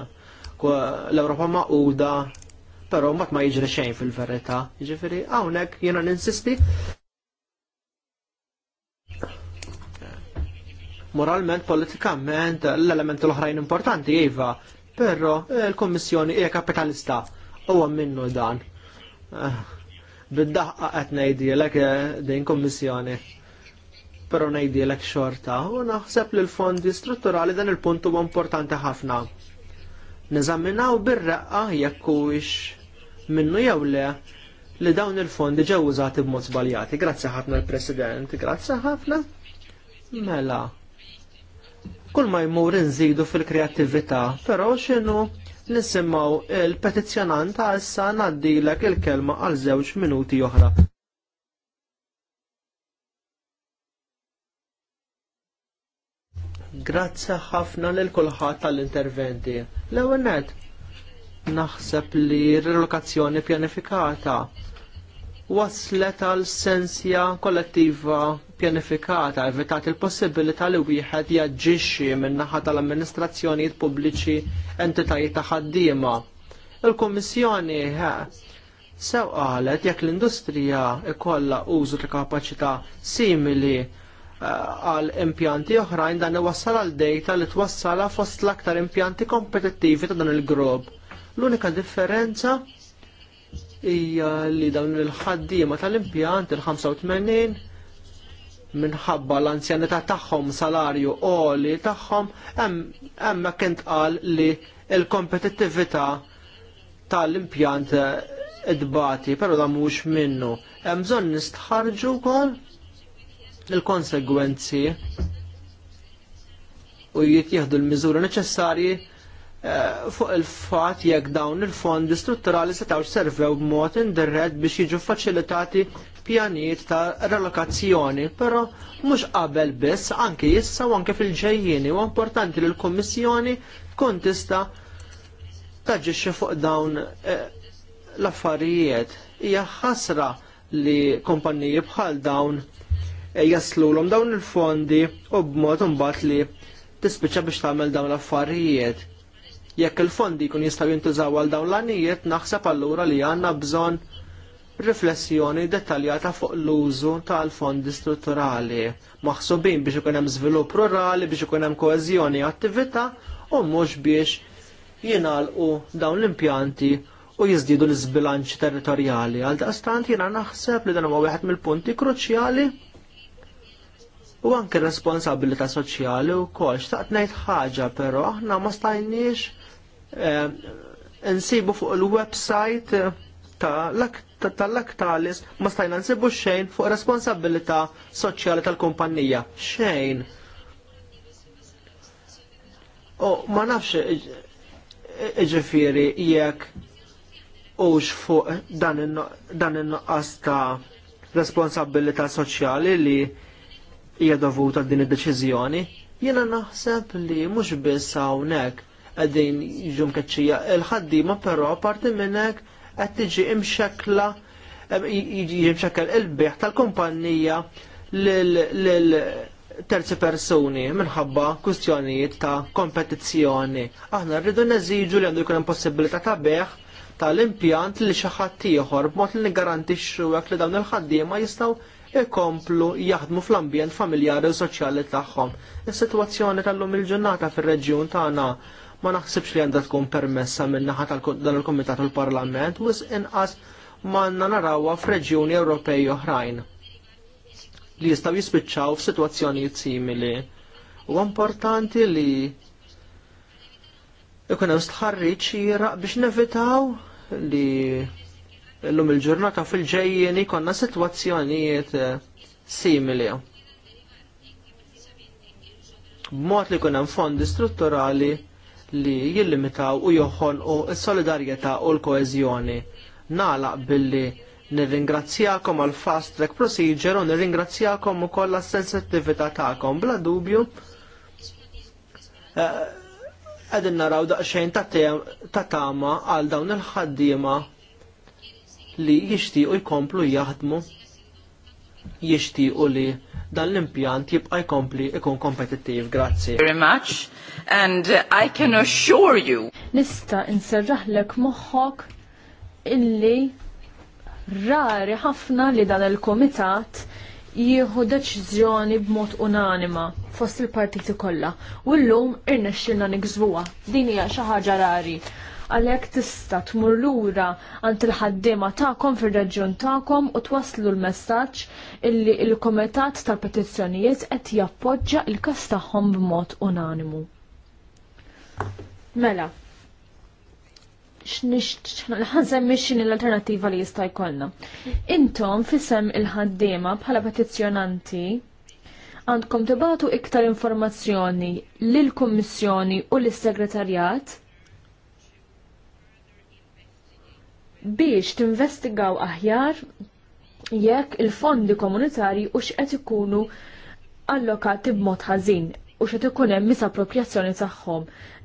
l-Ewropa maquda, però mbagħad ma jiġri xejn fil-verità. Jiġifieri hawnhekk jiena ninsisti. Moralment, politikament, l-elementi l-oħrajn importanti iva, però l-Kommissjoni hija kapitalista għam minnu dan. Ah, Bid-daħqa qed ngħidilek eh, din kommissjoni però ngħidilek xorta u naħseb li l-fondi strutturali dan il-punt huwa importanti ħafna. Neżaminaw bir-raqqa jekk huwiex minnu jew le li dawn il-fondi ġew użati b'mod żbaljati. Grazzi ħafna l-President, grazzi ħafna. Mela. Kull ma jmur inżidu fil-kreattività, però x'inhu nisimgħu il petizzjonanta għal sa ngħaddilek il-kelma għal żewġ minuti oħra. Grazzi ħafna lil kulħadd tal-interventi. L-ewwel net naħseb li relokazzjoni pjanifikata waslet għal sensja kollettiva pjanifikata, evitat il-possibilità li wieħed jaġġixxi min-naħa tal-amministrazzjonijiet pubbliċi entitajiet ta' ħaddiema. Il-Kummissjoni sew qalet jekk l-industrija ikollha użu ta' kapaċità simili Eh, għal impjanti oħrajn dan iwassal għal dejta li twassala fost l-aktar impjanti kompetittivi ta' dan il-grob. L-unika differenza hija li dawn il-ħaddiema tal-impjant il-85 minħabba l-anzjanità tagħhom salarju oli tagħhom hemm kien tqal li l-kompetittività tal-impjant idbati, però da mhux minnu. Hemm bżonn nistħarġu wkoll il konsegwenzi u jittieħdu l-miżuri neċessarji eh, fuq il-fat jekk dawn il-fondi strutturali setaw servew b'mod indirett biex jiġu faċilitati pjanijiet ta' relokazzjoni, però mhux qabel biss anke issa u anke fil-ġejjieni u importanti li l-Kummissjoni tkun tista' taġixxi fuq dawn eh, l-affarijiet. Hija ħasra li kumpaniji bħal dawn E jaslulhom dawn il-fondi u b'mod imbagħad li tispiċċa biex tagħmel dawn l-affarijiet. Jekk il-fondi jkun jistgħu jintużaw għal dawn l-għanijiet, naħseb allura li għandna bżonn riflessjoni dettaljata fuq l-użu tal-fondi strutturali, maħsubin biex ikun hemm żvilupp rurali, biex ikun hemm koeżjoni attività u mhux biex jingħalqu dawn l-impjanti u jiżdiedu l-iżbilanċ territorjali. Għal daqstant jiena naħseb li dan huwa wieħed mill-punti kruċjali U anke responsabilità soċjali u kolx. xtaqt ngħid ħaġa, pero aħna ma stajniex eh, nsibu fuq il-website eh, tal aktalis ma stajna nsibu xejn fuq responsabilità soċjali tal-kumpanija. Xejn. U ma nafx iġifiri jekk ux fuq dan in-nuqqas ta' responsabilità soċjali li hija dovuta din id-deċiżjoni, jiena naħseb li mhux biss hawnhekk qegħdin jiġu mkeċċija il-ħaddiema però parti minn hekk qed tiġi imxekkla jiġi mxekkel il-beħ tal-kumpanija lil terzi persuni minħabba kwistjonijiet ta' kompetizzjoni. Aħna rridu neżiġu li għandu jkun hemm possibilità ta' beħ tal-impjant li xi ħadd ieħor b'mod li niggarantixxu hekk li dawn il-ħaddiema jistgħu ikomplu jaħdmu fl-ambjent familjari u soċjali tagħhom. Is-sitwazzjoni tal-lum il-ġurnata fir-reġjun tagħna ma naħsibx li għandha tkun permessa minn naħa dan il-Kumitat u l-Parlament u inqas ma narawha f'reġjuni Ewropej oħrajn li jistgħu jispiċċaw f'sitwazzjonijiet simili. U importanti li ikun hemm stħarriġ biex nevitaw li l-lum il-ġurnata fil-ġejjien konna situazzjonijiet eh, simili. B'mod li kunem fondi strutturali li jillimitaw u joħolqu u solidarjetà u l-koezjoni. Nalaq billi nirringrazzjakom għal fast track procedure u nirringrazzjakom u koll sensitivita ta'kom bla dubju. Eh, Għedin naraw daqxejn ta' tama għal dawn il-ħaddima li jixtiequ jkomplu jaħdmu jixtiequ li dan l-impjant jibqa' jkompli ikun kompetittiv. Grazzi. Very much and I can assure you. Nista' inserraħlek moħħok illi rari ħafna li dan il-komitat jieħu deċiżjoni b'mod unanima fost il-partiti kollha u llum irnexxilna nigżbuha. Din hija xi ħaġa rari għalhekk tista' tmur lura għand il-ħaddiema tagħkom fir-reġjun tagħkom u twaslu l-messaġġ illi l-Kumitat tal-Petizzjonijiet qed jappoġġa il-każ tagħhom b'mod unanimu. Mela, ħansemmi xini l-alternativa li jista' jkollna. Intom fisem il-ħaddiema bħala petizzjonanti għandkom tibatu iktar informazzjoni lill kummissjoni u lis segretarjat biex tinvestigaw aħjar jekk il-fondi komunitarji u x'qed ikunu allokati b'mod ħażin u xed ikun hemm misappropriazzjoni tagħhom.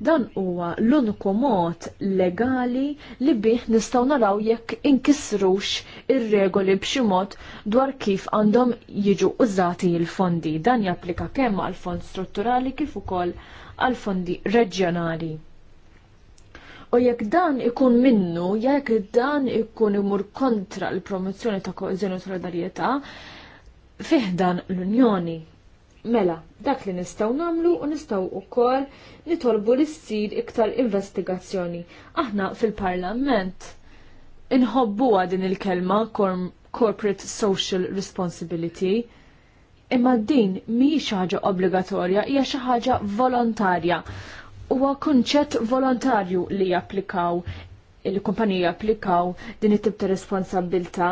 Dan huwa l-uniku mod legali li bih nistgħu naraw jekk inkissrux ir-regoli b'xi mod dwar kif għandhom jiġu użati l-fondi. Dan japplika kemm għal fond strutturali kif ukoll għal fondi reġjonali. U jekk dan ikun minnu, jekk dan ikun imur kontra l-promozzjoni ta' koeżjoni u solidarjetà, fih dan l-Unjoni. Mela, dak li nistgħu nagħmlu u nistgħu wkoll nitolbu li ssir iktar investigazzjoni. Aħna fil-Parlament inħobbuha din il-kelma corporate social responsibility imma din mhijiex ħaġa obbligatorja, hija xi ħaġa volontarja huwa kunċett volontarju li japplikaw il-kumpanija japplikaw din it-tip ta' responsabilta.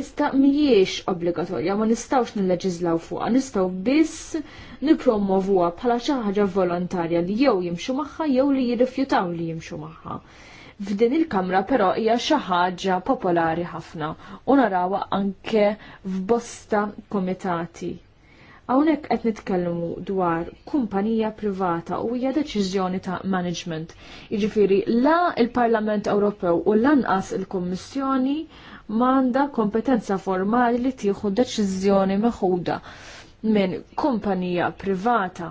Iżda mhijiex obbligatorja, ma nistgħux nilleġislaw fuqha, nistgħu biss nippromovuha bħala xi ħaġa volontarja li jew jimxu magħha jew li jirrifjutaw li jimxu magħha. F'din il-kamra però hija xi ħaġa popolari ħafna u narawha anke f'bosta komitati. Hawnhekk qed nitkellmu dwar kumpanija privata u hija deċiżjoni ta' management. Jiġifieri la il-Parlament Ewropew u lanqas il-Kummissjoni m'għandha kompetenza formali li tieħu deċiżjoni meħuda minn kumpanija privata.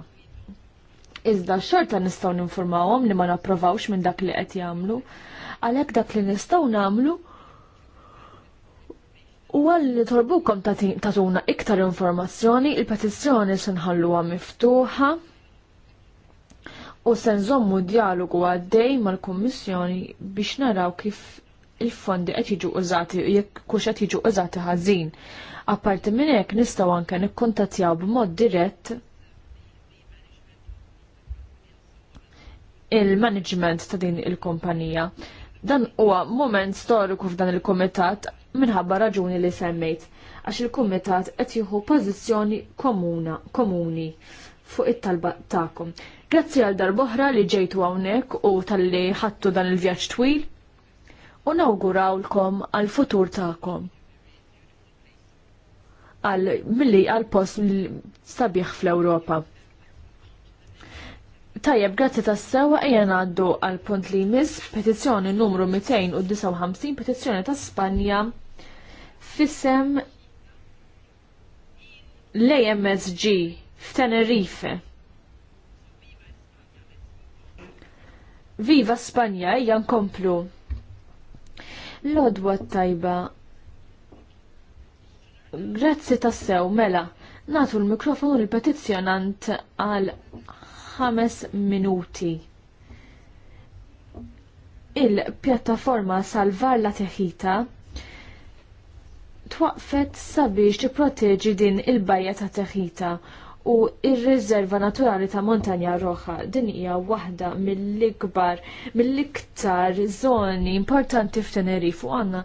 Iżda xorta nistgħu ninformawhom li ma napprovawx minn dak li qed jagħmlu, għalhekk dak li nistgħu nagħmlu U għalli torbukom tatuna iktar informazzjoni, il-petizzjoni senħallu miftuħa u senżommu dialogu għaddej mal-Kummissjoni biex naraw kif il-fondi qed jiġu użati jekk kux qed jiġu użati ħażin. Apparti minn hekk nistgħu anke nikkuntattjaw b'mod dirett il-management ta' din il-kumpanija. Dan huwa moment storiku f'dan il-kumitat minħabba raġuni li semmejt għax il-kumitat qed jieħu pożizzjoni komuna komuni fuq it-talba tagħkom. Grazzi għal darboħra li ġejtu hawnhekk u tal-li ħattu dan il-vjaġġ twil u nawgurawlkom għal futur tagħkom għal milli għal post sabiħ fl-Ewropa. Tajjeb, grazzi tas-sewa ejja ngħaddu għal punt li jmiss petizzjoni numru 259 petizzjoni ta' Spanja fissem l-AMSG f'Tenerife. Viva Spanja ejja nkomplu. Lodwa tajba. Grazzi tas-sew, mela. Natu l-mikrofonu l-petizzjonant għal ħames minuti. Il-pjattaforma Salvar la Teħita twaqfet sabiex tipproteġi din il-bajja ta' teħita u ir-riserva naturali ta' Montanja Roħa din hija waħda mill-ikbar mill-iktar żoni importanti f'Tenerife u għandna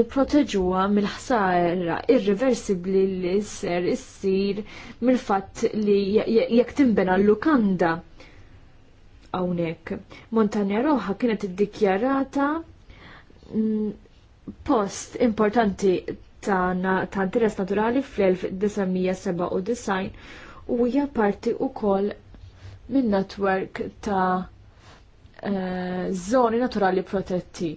nipproteġuha mill-ħsara irreversibbli li ser issir mill-fatt li jekk tinbena l-lukanda hawnhekk. Montanja Roħa kienet iddikjarata mm, post importanti ta' interess naturali fl-1997 u hija parti wkoll minn netwerk ta' eh, zoni naturali protetti.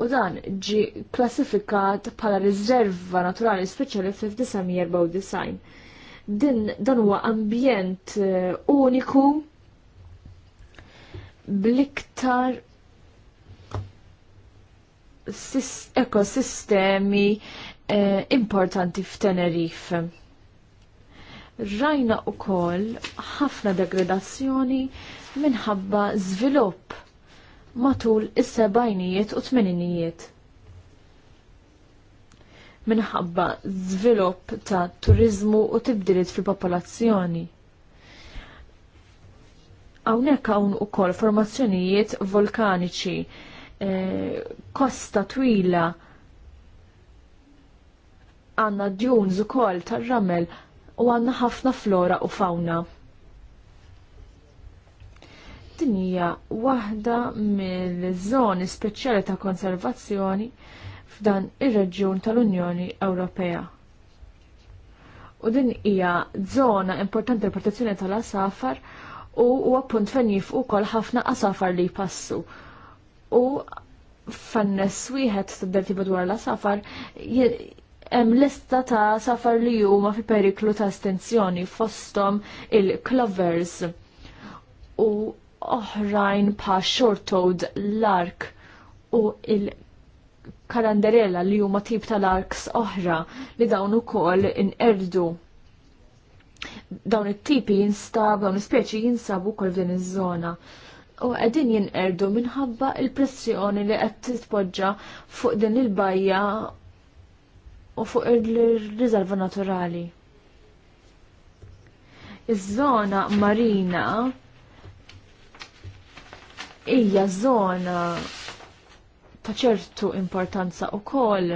U dan ġi klassifikat bħala riserva naturali speċjali fl-1994. Din dan huwa ambjent eh, uniku bliktar ekosistemi eh, importanti f'Tenerife rajna u kol ħafna degradazzjoni minħabba zvilupp matul is-sebajnijiet u tmeninijiet. Minħabba zvilupp ta' turizmu u tibdiliet fil-popolazzjoni. Hawnhekk hawn ukoll formazzjonijiet vulkaniċi, eh, kosta twila, għanna djuns ukoll tar-ramel u għanna ħafna flora u fauna. Din hija waħda mill-żoni speċjali ta' konservazzjoni f'dan ir-reġjun tal-Unjoni Ewropea. U din hija żona importanti l-protezzjoni tal-asafar u huwa punt fejn u wkoll ħafna asafar li jpassu. U fannes wieħed tidder tibu dwar l-asafar hemm lista ta' safar li huma fi periklu ta' estensjoni fosthom il-clovers u oħrajn pa' shortowed l-ark u il- karanderella li huma tip tal-arks oħra li dawn ukoll inqerdu. Dawn it-tipi jinstab, dawn ispeċi jinsabu wkoll f'din iż-żona. U qegħdin jinqerdu minħabba il-pressjoni li qed titpoġġa fuq din il-bajja u fuq il rizalva naturali. Iż-żona marina hija żona ta' ċertu importanza wkoll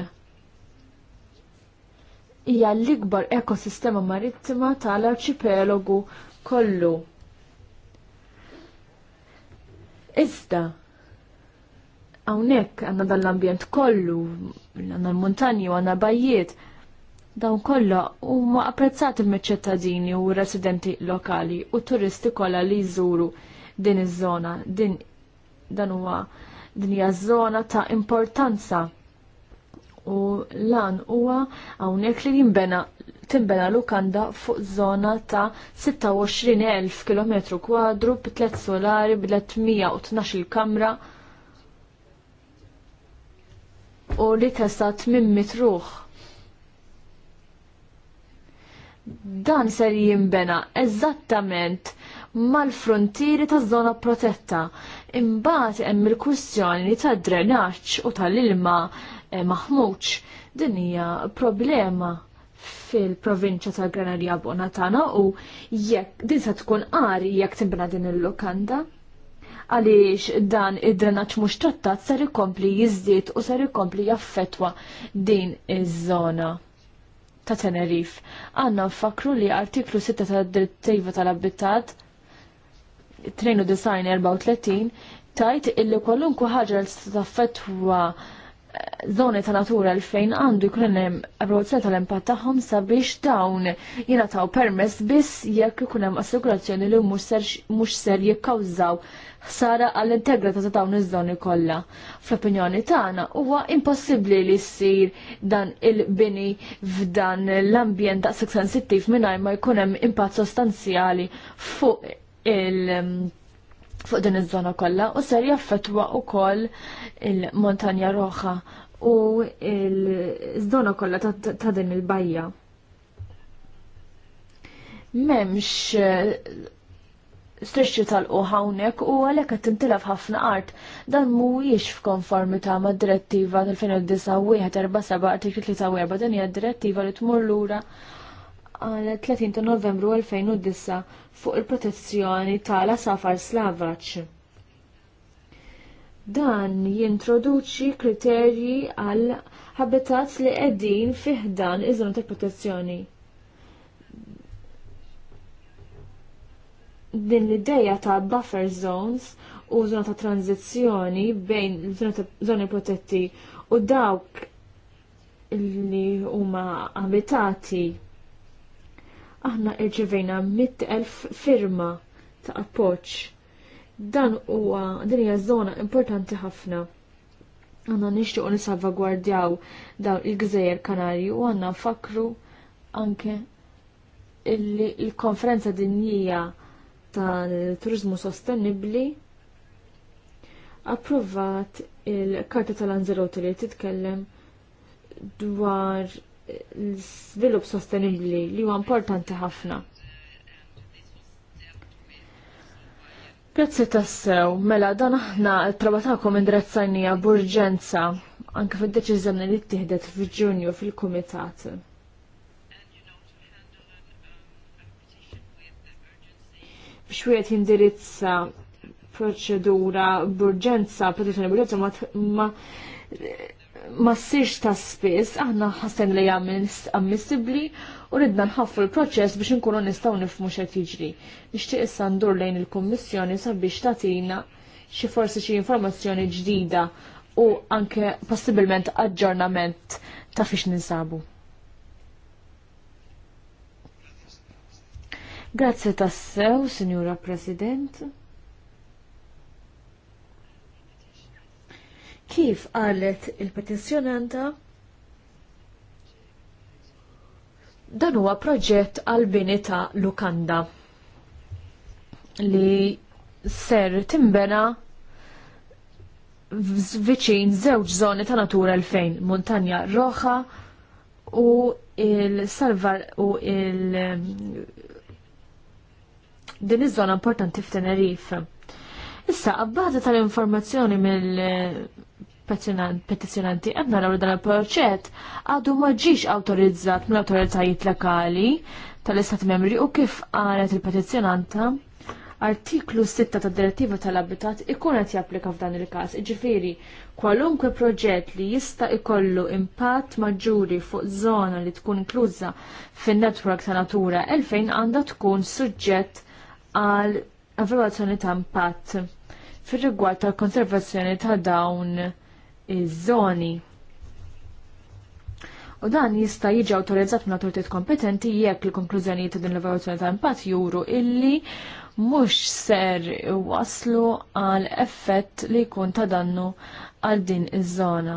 hija l-ikbar ekosistema marittima tal-arċipelagu kollu. Iżda, Hawnhekk għandna dan l-ambjent kollu, għandna l-muntanji u għandna bajjiet. Dawn kollha huma apprezzati mill-ċittadini u residenti lokali u turisti kollha li jżuru din iż-żona, din dan huwa din hija żona ta' importanza. U lan huwa hawnhekk li jinbena timbena lukanda fuq żona ta' 26,000 km kwadru b'tlet solari b'312 kamra u li testa' tmimmit ruħ. Dan ser jimbena eżattament mal-frontieri taż-żona protetta. Imbagħad hemm il-kwistjoni tad drenaġġ u tal-ilma eh, maħmuġ. Din hija problema fil-provinċja tal-Granarja Bonatana u jekk din se tkun qari jekk timbena din il-lokanda għaliex dan id-drenaċ mhux trattat ser ikompli jiżdied u ser ikompli jaffetwa din iż-żona ta' Tenerif. Għanna nfakru li artiklu 6 ta' direttiva tal-abitat 39 34 tajt illi kwalunkwe ħaġa l taffetwa zoni ta' natura l fejn għandu jkun hemm abrozzat tal-impatt tagħhom sabiex dawn jingħataw permess biss jekk ikun hemm assigurazzjoni li mhux ser jikkawżaw ħsara għall integrità ta' dawn iż-żoni kollha. F'opinjoni tagħna huwa impossibbli li ssir dan il-bini f'dan l-ambjent daqshekk sensittiv mingħajr ma jkun hemm impatt sostanzjali fuq il- fuq din iż-żona kollha u ser jaffettwa wkoll il-Montanja Roħa u il-żdona kollha ta' din il-bajja. Memx eh, strisċi tal-qu hawnhekk u għalhekk qed tintilef ħafna art dan mhuwiex f'konformità mad-direttiva tal-2009 artikli 34 din hija direttiva li tmur lura għal 30 ta' Novembru 2009 fuq il-protezzjoni tal-asafar slavaċ. Dan jintroduċi kriterji għal habitat li qegħdin fiħdan iż-żona ta' protezzjoni. Din l-idea ta' buffer zones u żona ta' tranzizzjoni bejn żoni protetti u dawk li huma abitati aħna irċivejna 100.000 firma ta' appoċ. Dan huwa din hija żona importanti ħafna. Għanna nixtiequ nisalvagwardjaw dawn il-Gżejjer Kanarju u għanna nfakru anke il-konferenza dinjija tal-turizmu sostenibli approvat il-karta tal-Anzerotti li titkellem dwar l-svilup sostenibli li huwa importanti ħafna. Pjazzi tassew, mela dan aħna trabatakom indrezzajnija burġenza anke fid-deċiżjoni li ttieħdet tihdet fil-Kumitat. Biex wieħed jindirizza proċedura burġenza, petizjoni burġenza ma ma ssirx ta' spiss, aħna ħassen li hija ammissibbli u ridna nħaffu l-proċess biex nkunu nistgħu nifmu xa jiġri. Nixtieq issa ndur lejn il-Kummissjoni sabiex tagħtina xi forsi xi informazzjoni ġdida u anke possibilment aġġornament ta' fiex ninsabu. Grazzi tassew, Signora President. Kif qalet il-petizjonanta, Dan huwa proġett għal-bini ta' Lukanda li ser timbena viċin żewġ zoni ta' natura l-fejn, montanja roħa u il-salvar u il- um, din iż-żona importanti f'Tenerif. Issa, għabbaħda tal-informazzjoni mill petizjonanti qed naraw dan il-proċett għadu ma autorizzat awtorizzat mill-awtoritajiet lokali tal-Istat Membri u kif qalet il-petizjonanta artiklu 6 tad direttiva tal-abitat ikun qed japplika f'dan il-każ. Ġifieri, kwalunkwe proġett li jista' ikollu impatt maġġuri fuq żona li tkun inkluża fin network ta' natura 2000 għandha tkun suġġett għal evaluazzjoni ta' impatt fir rigward tal-konservazzjoni ta' dawn iż-żoni. U dan jista' jiġi awtorizzat minn awtoritajiet kompetenti jekk il-konklużjonijiet din l-evaluazzjoni ta' impatt juru illi mhux ser waslu għal effett li jkun ta' dannu għal din iż-żona.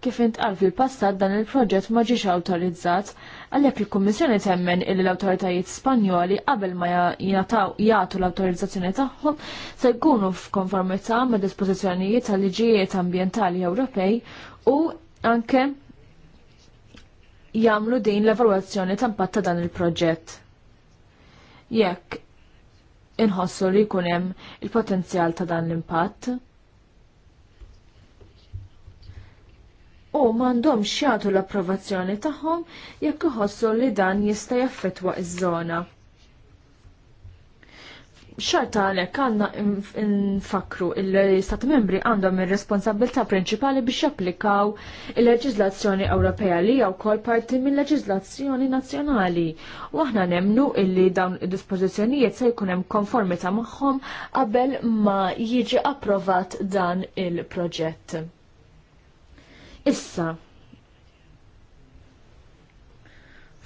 Kif intqal fil-passat dan il-proġett ma ġiex awtorizzat Għalhekk il-Kummissjoni temmen il l-awtoritajiet Spanjoli qabel ma jagħtu l-awtorizzazzjoni tagħhom se jkunu f'konformità ma' dispożizzjonijiet tal-liġijiet ambjentali Ewropej u anke jagħmlu din l-evalwazzjoni ta' impatt ta' dan il-proġett. Jekk inħossu li jkun hemm il-potenzjal ta' dan l-impatt u mandom jagħtu l-approvazzjoni tagħhom jekk iħossu li dan jista' jaffettwa iż-żona. Xart għalhekk għandna nfakru il-Stat membri għandhom ir responsabilta prinċipali biex japplikaw il-leġiżlazzjoni Ewropea li hija wkoll parti mill-leġiżlazzjoni nazzjonali. U aħna nemnu illi dawn id-dispożizzjonijiet se jkun hemm ta' magħhom qabel ma jiġi approvat dan il-proġett. Issa,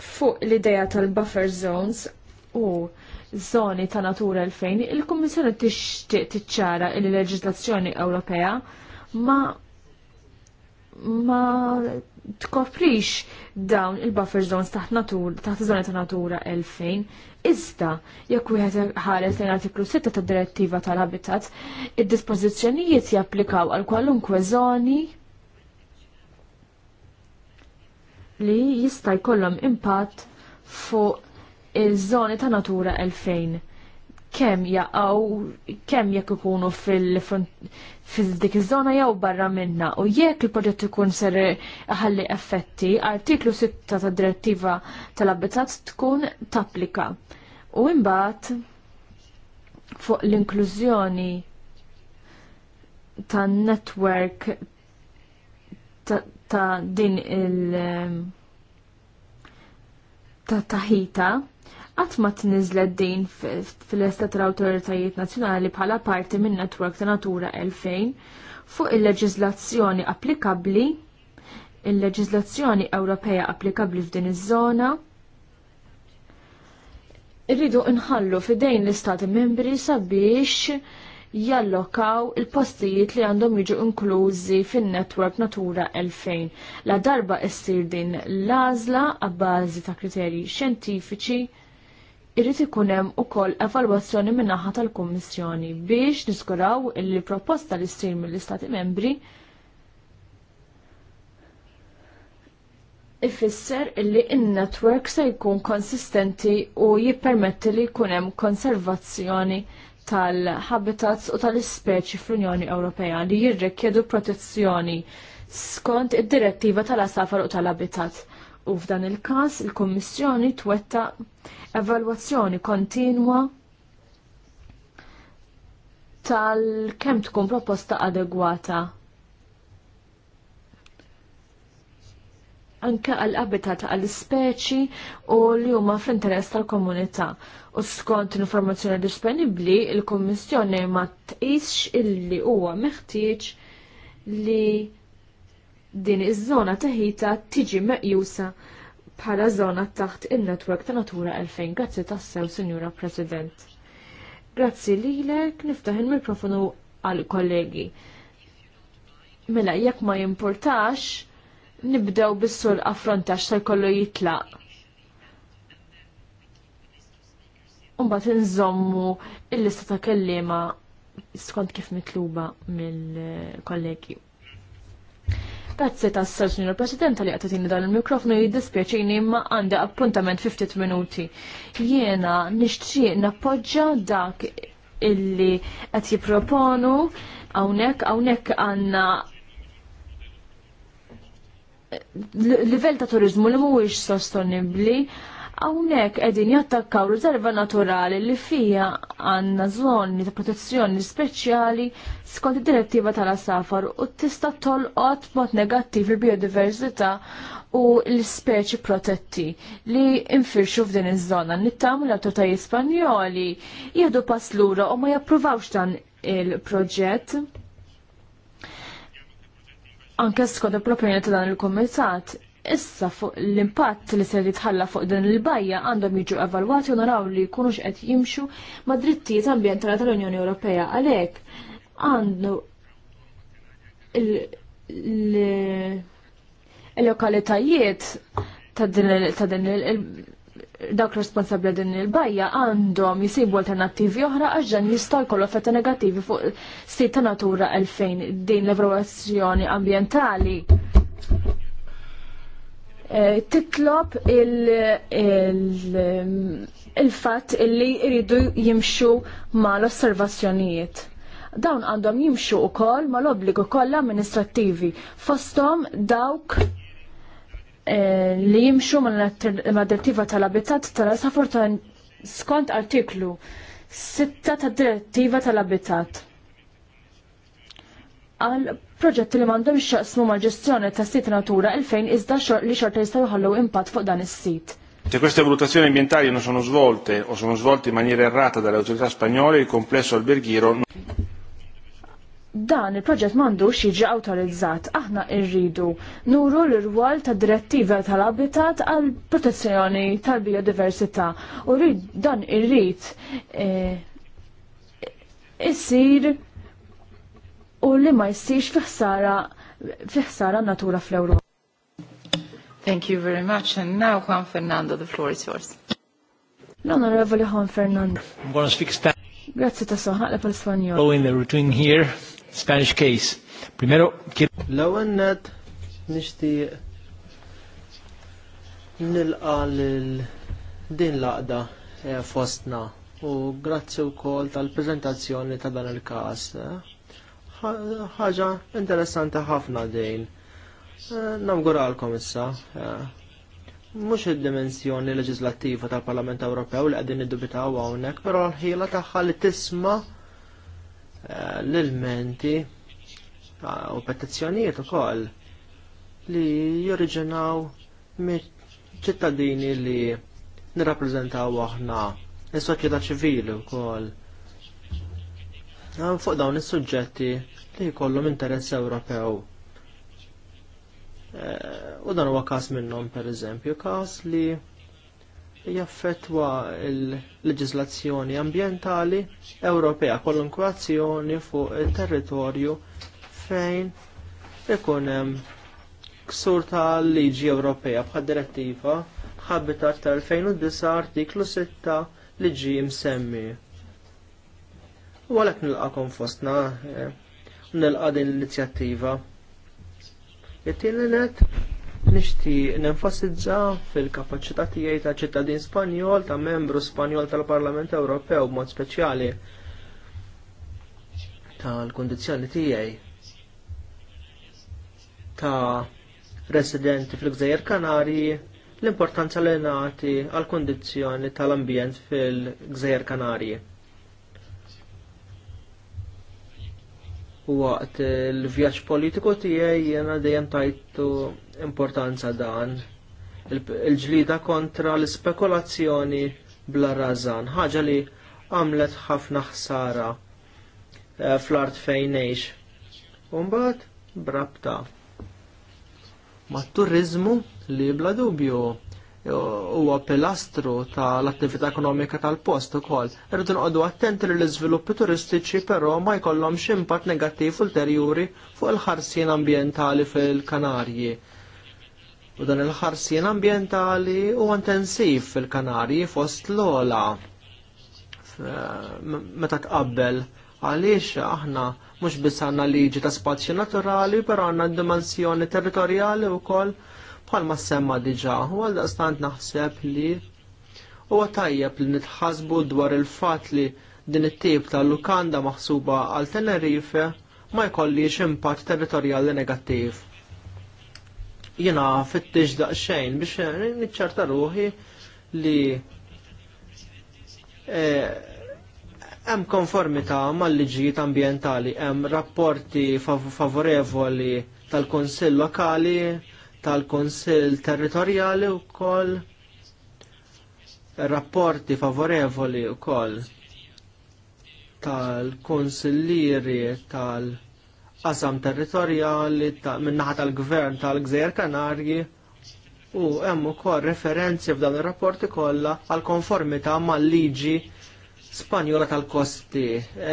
fuq l-ideja tal-buffer zones u zoni ta' natura l-fejn, il-Kommissjoni tixtieq tiċċara il leġislazzjoni Ewropea ma ma tkoprix dawn il-buffer zones taħt natur taħt zoni ta' natura fejn iżda jekk wieħed ħares lejn artiklu 6 tad-direttiva tal-habitat id-dispożizzjonijiet japplikaw għal kwalunkwe zoni li jista' jkollhom impatt fuq iż-żoni ta' natura 2000 kemm jaqgħu kemm jekk ikunu fil-dik iż-żona jew barra minna u jekk il-proġett ikun ser ħalli effetti, artiklu 6 ta' direttiva tal-abitat tkun tapplika. U imbagħad fuq l-inklużjoni tan network ta' din il- ta' taħita qatt ma tniżlet din fil-estat tal-awtoritajiet nazzjonali bħala parti minn netwerk ta' Natura 2000 fuq il-leġiżlazzjoni applikabbli il-leġiżlazzjoni Ewropea applikabbli f'din iż-żona irridu nħallu fidejn l-istati membri sabiex jallokaw il-postijiet li għandhom jiġu inklużi fin-netwerk Natura 2000. La darba issir din l-għażla għabbażi ta' kriterji xjentifiċi irrid ikun hemm ukoll evalwazzjoni min-naħa tal-Kummissjoni biex niskuraw li proposta li ssir mill-Istati Membri ifisser illi in-network se jkun konsistenti u jippermetti li jkun hemm konservazzjoni tal-habitats u tal-ispeċi fl-Unjoni Ewropea li jirrikjedu protezzjoni skont id-direttiva tal-asafar u tal-habitat u f'dan il-każ il-Kummissjoni twetta evalwazzjoni kontinwa tal-kemm tkun proposta adegwata. Anke għal habitat għall ispeċi u li huma fl-interess tal-komunità. U skont l-informazzjoni disponibbli, il-Kummissjoni ma tqisx illi huwa meħtieġ li din iż-żona teħita tiġi meqjusa bħala żona taħt in-netwerk ta' Natura 2000. Grazzi tassew, Sinjura President. Grazzi lilek, niftaħ il-mikrofonu għal kollegi. Mela, jekk ma jimportax, nibdew bis-sur affrontax tal kollu jitlaq. Umbat nżommu il-lista ta' kellima skont kif mitluba mill-kollegi. Grazzi ta' s-sar, signor President, li għatatini dan il-mikrofonu jiddispieċini ma għandi appuntament 50 minuti. Jena nishtri nappoġġa dak illi għat jiproponu għawnek, għawnek għanna livell ta' turizmu li mhuwiex sostenibbli Hawnhekk qegħdin jattakkaw riserva naturali li fija għandna żoni ta' protezzjoni speċjali skont id-direttiva tal-asafar u tista' tolqot mod negattiv il-biodiversità u l-speċi protetti li infirxu f'din iż-żona. Nittamu l-autoritajiet Spanjoli jieħdu pass lura u ma jappruvawx dan il-proġett. Anke skont il-propjoni ta' dan il-Kumitat, Issa fuq l-impatt li ser jitħalla fuq din il-bajja għandhom jiġu evalwati u naraw li jkunux qed jimxu ma' drittijiet ambjentali tal-Unjoni Ewropea għalhekk għandu il-lokalitajiet ta' din dawk responsabbli din il-bajja għandhom jisibu alternattivi oħra għax dan jistgħu jkollu effetti negattivi fuq sit ta' natura għalfejn din l-evalwazzjoni ambjentali Eh, titlob il-fat li jridu jimxu ma l-osservazzjonijiet. Dawn għandhom jimxu u koll ma l-obbligu koll amministrativi fostom dawk eh, li jimxu ma direttiva tal-abitat tal-safortan skont artiklu 6 ta' direttiva tal-abitat għal proġetti li mandom xaqsmu ma' ġestjoni ta' sit natura il-fejn iżda li xorta jistaw ħallu impatt fuq dan is-sit. Se queste valutazioni ambientali non sono svolte o sono svolte in maniera errata dalle autorità spagnole, il complesso alberghiero dan il-proġett mandu jiġi autorizzat. Aħna irridu nuru l rwal ta' direttiva tal-abitat għal protezzjoni tal-biodiversità. U rrid dan irrid eh, isir u li ma jsirx fiħsara fiħsara natura fl-Ewropa. Thank you very much. And now Juan Fernando, the floor is yours. L-Onorevoli Juan Fernando. I'm going to Spanish. Grazie ta' soħaq pal spanjol Oh, in the routine here, Spanish case. Primero, l-ewwel net nishti nilqa lil din laqda eh, fostna u grazie u kol tal prezentazzjoni ta' dan il-każ. Eh ħaġa interessanti ħafna dejn. Eh, Namguralkom issa. Eh, mhux id-dimensjoni leġislattiva tal-Parlament Ewropew li qegħdin niddubitaw hawnhekk, però l-ħila tagħha li tisma' eh, l-elementi u petizzjonijiet ukoll li joriġinaw ċittadini li nirrappreżentaw aħna is-soċjetà ċivili wkoll fuq dawn is-suġġetti li jkollhom interess Ewropew. Eh, u dan huwa każ minnhom pereżempju każ li jaffettwa l-leġiżlazzjoni ambjentali Ewropea kwalunkwe azzjoni fuq it-territorju fejn ikun hemm ksur tal-liġi Ewropea bħad direttiva ħabitat tal-2009 artiklu 6 liġi msemmi U għalhekk għakom fostna eh, nilqa din l-inizjattiva. It-tieni net nixtieq nenfasizza fil-kapaċità tiegħi ta' ċittadin Spanjol ta' membru Spanjol tal-Parlament Ewropew b'mod speċjali tal kondizjoni tiegħi ta' residenti fil-Gżejjer Kanarji l-importanza li nati għal kondizjoni tal-ambjent fil-Gżejjer Kanarji. waqt il-vjaġġ politiku tiegħi jiena dejjem tajtu importanza dan il-ġlida kontra l-spekulazzjoni bla razan, ħaġa li għamlet ħafna ħsara eh, fl-art fejnejx. Umbat, brabta. Ma' turizmu li bla dubju huwa pilastru tal-attività ekonomika tal-post ukoll. Irridu nqogħdu attenti li l-iżviluppi turistiċi però ma jkollhomx impatt negattiv ulterjuri fuq il-ħarsien ambjentali fil-Kanarji. U dan il-ħarsien ambjentali huwa intensiv fil-Kanarji fost l-ola meta tqabbel għaliex aħna mhux biss għandna liġi ta' spazju naturali, però għandna dimensjoni territorjali wkoll bħalma semma diġa, u daqstant naħseb li huwa tajjeb li nitħasbu dwar il-fat li din it-tip ta' lukanda maħsuba għal Tenerife ma jkollix impatt territorjali negattiv. Jena fit-tix daqxejn biex niċċerta ruħi li e, hemm konformità mal-liġijiet ambjentali, hemm rapporti favorevoli tal-Kunsill Lokali tal-Konsil Territorjali u rapporti favorevoli u tal kunsillieri tal-qasam territorjali ta minnaħa tal-gvern tal-Gżejjer Kanarji u hemm ukoll referenzi f'dan ir-rapporti kollha għal konformità mal-liġi Spanjola tal-kosti,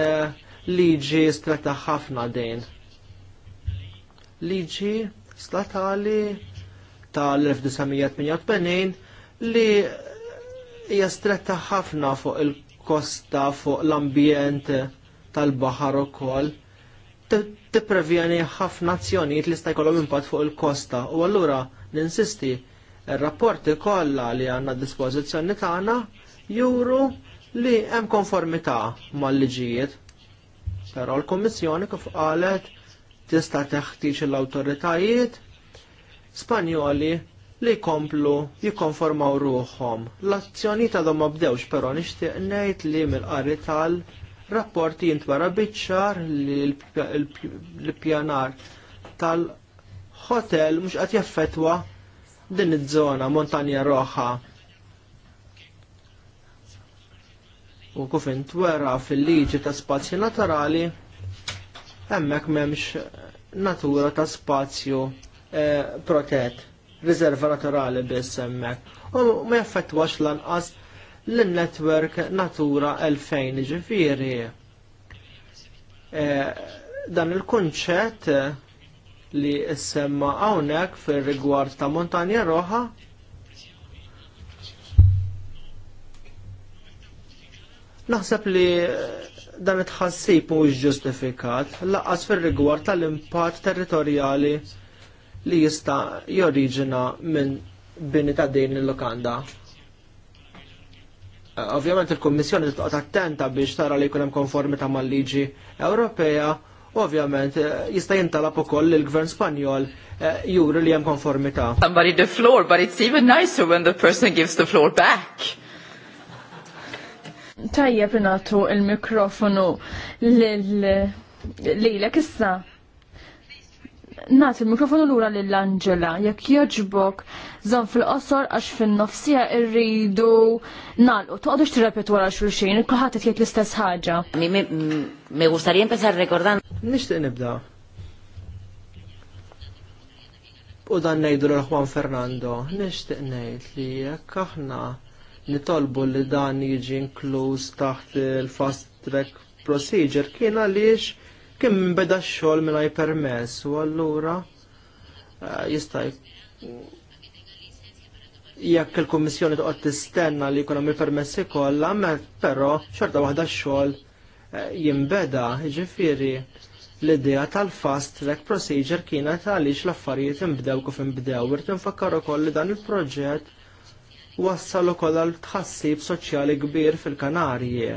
e, liġi stretta ħafna dejn. Liġi statali tal-1988 li hija stretta ħafna fuq il-kosta fuq l-ambjent tal-baħar ukoll tipprevjeni ħafna azzjonijiet li sta jkollhom impatt fuq il-kosta u allura ninsisti ir-rapporti kollha li għandna d dispożizzjoni tagħna juru li hemm konformità mal-liġijiet. Però l-Kummissjoni kif qalet tista' teħtieġ l-awtoritajiet Spanjoli li jkomplu jikkonformaw ruħom. L-azzjoni ta' ma bdewx però nixtieq ngħid li mill-qari tal-rapporti jintwara biċċar li l-pjanar tal-hotel mhux qed jaffetwa din iż-żona Montanja Roħa. U kufint wera fil-liġi ta' spazji naturali hemmhekk m'hemmx natura ta' spazju eh, protett, riserva naturali biss hemmhekk u ma jaffettwax lanqas l-network Natura 2000 ġifiri. Eh, dan il-kunċett li semma hawnhekk fir-rigward ta' Montanja Roħa naħseb li dan it-ħassib mhuwiex ġustifikat lanqas fir rigward tal-impatt territorjali li jista joriġina minn bini ta' din il-lokanda. Eh, ovvjament il-Kommissjoni titqgħod attenta biex tara li jkun hemm konformità mal-liġi Ewropea u ovvjament eh, jista' jintalab ukoll il-Gvern Spanjol eh, juri li hemm konformità. Somebody the floor, but it's even nicer when the person gives the floor back. Tajjeb natu il-mikrofonu lilek issa. Nat il-mikrofonu lura lill-Angela, jekk joġbok zon fil-qosor għax fin-nofsija irridu nalqu. x tirrepet wara xulxin, kulħadd qed jgħid l-istess ħaġa. Mi gustaría empezar rekordan. Nixtieq nibda. U dan ngħidu l Juan Fernando, nixtieq ngħid li jekk aħna nitolbu li dan jiġi inkluż taħt il-fast track procedure kien għaliex kien minbeda x-xogħol mingħajr permess u allura eh, jista' jekk il-Kummissjoni toqgħod tistenna li jkun hemm il permessi kollha, però xorta waħda x-xogħol eh, jinbeda, ġifieri l-idea tal-fast track procedure kienet għaliex l-affarijiet inbdew kif inbdew. Irt infakkar ukoll li dan il-proġett wassal ukoll għal tħassib soċjali kbir fil-Kanarji.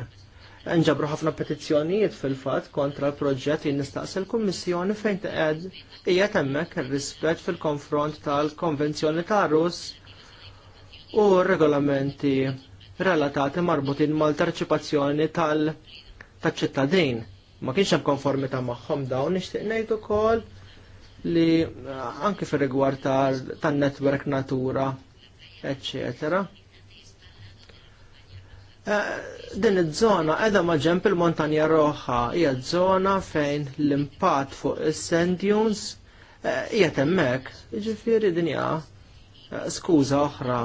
Nġabru ħafna petizzjonijiet fil-fatt kontra l-proġett li nistaqsi l-Kummissjoni fejn teqed hija hemmhekk ir-rispett fil-konfront tal-Konvenzjoni ta' Rus u regolamenti relatati marbutin mal-tarċipazzjoni tal-ċittadin. Ma kienx hemm konformità magħhom dawn nixtieq ngħid ukoll li eh, anke fir-rigward tan-netwerk Natura eccetera. Eh, din iż-żona edha ma' ġemp il-Montanja Roħa, hija żona fejn l-impatt fuq is-sand dunes hija eh, hemmhekk. Jiġifieri din hija eh, skuża oħra.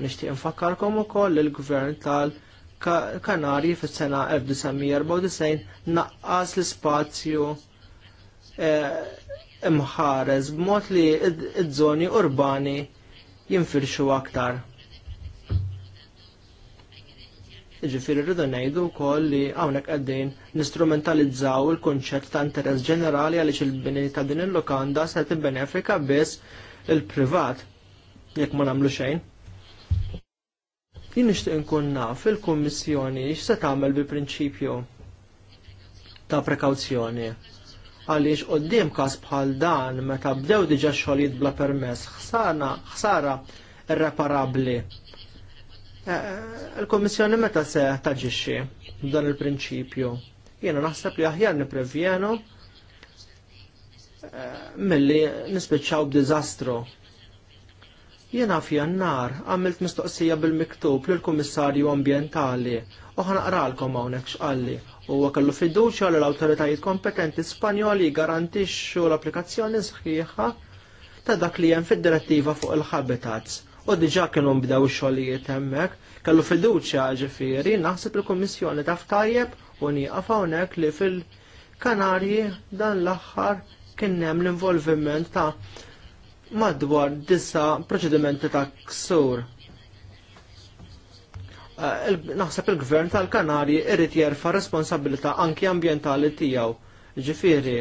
Nixtieq infakkarkom ukoll il-Gvern tal-Kanarji fis-sena 1994 naqqas l-ispazju imħares b'mod li id-żoni urbani jinfirxu aktar. Ġifiri rridu ngħidu wkoll li hawnhekk qegħdin nistrumentalizzaw il-kunċett ta' interess ġenerali għaliex il-bini ta' din il-lokanda se tibbenefika biss il-privat jekk ma nagħmlu xejn. Jien nixtieq inkun naf il-Kummissjoni x'se tagħmel bil-prinċipju ta' prekawzjoni għaliex qoddim każ bħal dan meta bdew diġà xogħlijiet bla permess ħsara ħsara irreparabbli. E, e, Il-Kommissjoni meta se taġixxi dan il-prinċipju. Jiena naħseb li aħjar nipprevjenu e, milli nispiċċaw b'diżastru. Jiena f'jannar għamilt mistoqsija bil-miktub lill-Kummissarju Ambjentali u ħanaqralkom hawnhekk x'qalli u kellu fiduċja li l-awtoritajiet kompetenti Spanjoli garantixxu l-applikazzjoni sħiħa ta' dak li hemm fid-direttiva fuq il-habitats. U diġà kienu bdew xogħlijiet hemmhekk, kellu fiduċja ġifieri naħseb il-Kummissjoni taf tajjeb u nieqaf hawnhekk li fil-Kanarji dan l-aħħar kien hemm l-involviment ta' madwar disa proċedimenti ta' ksur Eh, naħseb il-gvern tal-Kanari irrit jerfa responsabilità anki ambjentali tiegħu. Ġifieri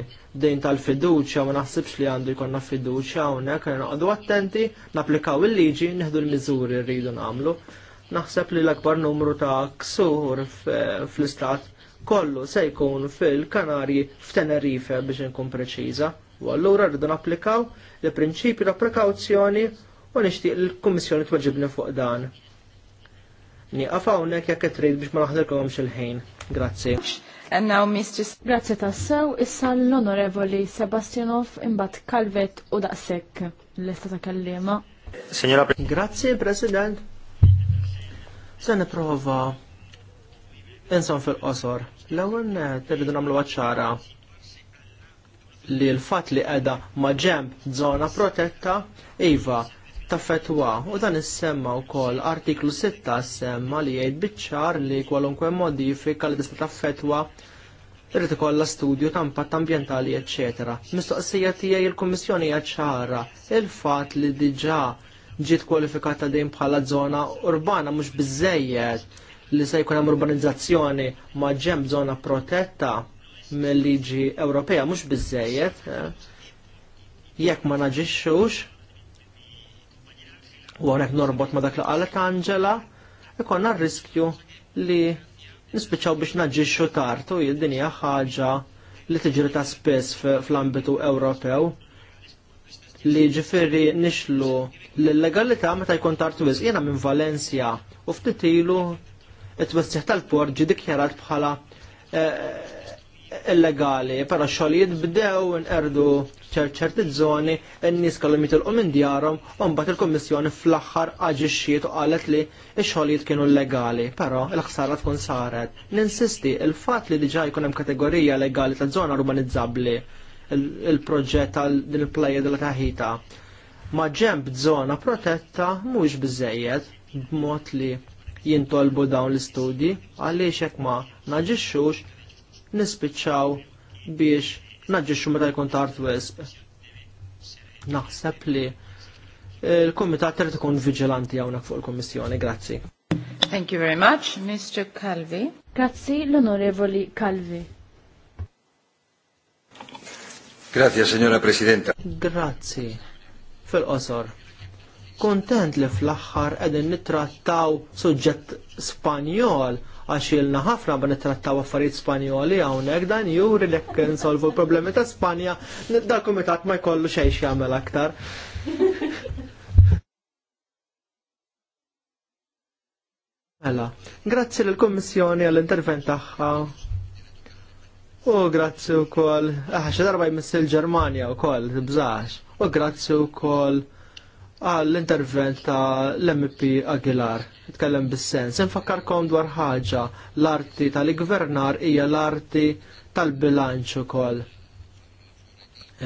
din tal-fiduċja ma naħsibx li għandu jkollna fiduċja hawnhekk noqogħdu attenti, napplikaw il-liġi, nieħdu l-miżuri rridu nagħmlu. Naħseb li l-akbar numru ta' ksur fl-istat kollu se jkun fil-Kanarji f'Tenerife biex inkun preċiża. U allura rridu napplikaw il-prinċipju ta' prekawzjoni u nixtieq lill kummissjoni tweġibni fuq dan. Nieqaf hawnhekk jekk trid biex ma naħdilkomx il-ħin. Grazzi. And now Mr. Grazzi tassew, issa l-Onorevoli Sebastianov imbat Kalvet u daqsek l-lista ta' kallima. Signora Grazzi, President. Se prova. insan fil-qosor. L-ewwel irridu nagħmlu għacċara li l-fatt li qiegħda ma' zona protetta iva Ta' fetwa u dan is-semma wkoll artiklu 6 semma li jgħid biċ-ċar li kwalunkwe modifika li tista' ta' fetwa irrid ikollha studju ta' impatt ambjentali eċetera. Mistoqsija tiegħi il-Kummissjoni hija ċara il-fatt li diġà ġiet kwalifikata dejjem bħala żona urbana mhux biżejjed li se jkun hemm urbanizzazzjoni ma' ġemm żona protetta mill-liġi Ewropea mhux biżejjed eh? jekk ma naġixxux u għonek norbot ma dak li qalet Angela, ikonna riskju li nispiċaw biex naġġiċu tartu jid-dinja ħaġa li tiġri ta' spess fl-ambitu Ewropew li ġifiri nixlu l-legalità meta jkun tartu iż. Jena minn Valencia u ftit ilu it-twessiħ tal-port ġi dikjarat bħala eh, illegali, pero xogħlijiet bdew nqerdu ċerti żoni, n-nies kellhom jitilqu minn djarhom u il-Kummissjoni fl-aħħar aġixxiet u qalet li x-xogħlijiet kienu legali, però l-ħsara tkun saret. Ninsisti, il-fatt li diġa' jkun hemm kategorija legali ta' żona urbanizzabbli il-proġett tal din il-plejja della taħita ma ġemp żona protetta mhux biżejjed b'mod li jintolbu dawn l-istudji għaliex hekk ma naġixxux nispiċċaw biex naġġixxu meta jkun tard wisq. Naħseb li il-Kumitat trid ikun viġilanti hawnhekk fuq il-Kummissjoni. Grazzi. Thank you very much, Mr. Calvi. Grazzi l-Onorevoli Calvi. Grazie, signora Presidenta. Grazzi. Fil-qosor. Kontent li fl-axħar edin nittrattaw suġġett Spanjol Għaxilna ħafna ban nittrattaw affarijiet Spanjoli hawnhekk dan juri li nsolvu problemi ta' Spanja dal komitat ma jkollu xejn jagħmel aktar. Mela, grazzi l-Kommissjoni għall-intervent tagħha. U grazzi wkoll, aħ xi darba jmiss il-Ġermanja wkoll, bżax. U grazzi wkoll għall-intervent ta' l-MP Aguilar. Itkellem bis-sens. Infakkarkom dwar ħaġa l-arti tal-gvernar hija l-arti tal-bilanċ ukoll.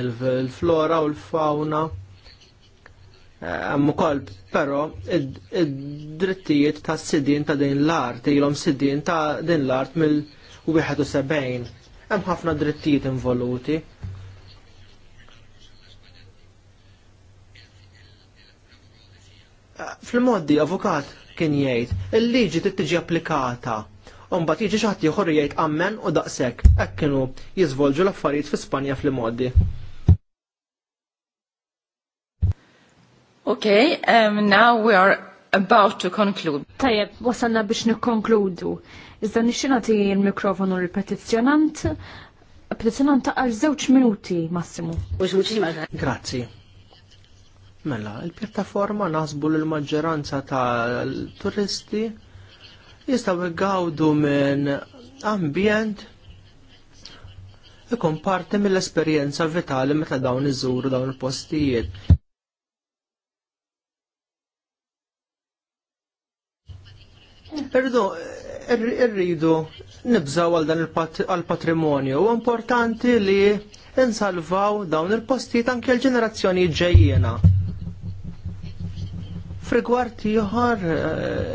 Il-flora u l-fauna. Eh, hemm ukoll però id-drittijiet tas sidin ta' din l-art ilhom sidin ta' din l-art mill-71. Hemm ħafna drittijiet involuti fil-moddi avukat kien jgħid, il-liġi t-tġi applikata. Umbat jiġi xaħti jħor jgħid ammen u daqsek, hekk kienu jizvolġu l-affarijiet fi Spanja fil-moddi. Okay, um, now we are about to conclude. Tajab, wasanna biex nikkonkludu. Iżda nixinati il-mikrofonu l-petizjonant, petizjonant taqar żewġ minuti massimo. Grazzi. Mela, il-pjattaforma nasbu l-maġġoranza tal-turisti jistaw għawdu minn ambjent ikun parti mill-esperjenza vitali meta dawn iżuru dawn il-postijiet. Irridu, irridu nibżaw għal dan il-patrimonju. U importanti li insalvaw dawn il-postijiet anke l-ġenerazzjoni ġejjena. Frigward ieħor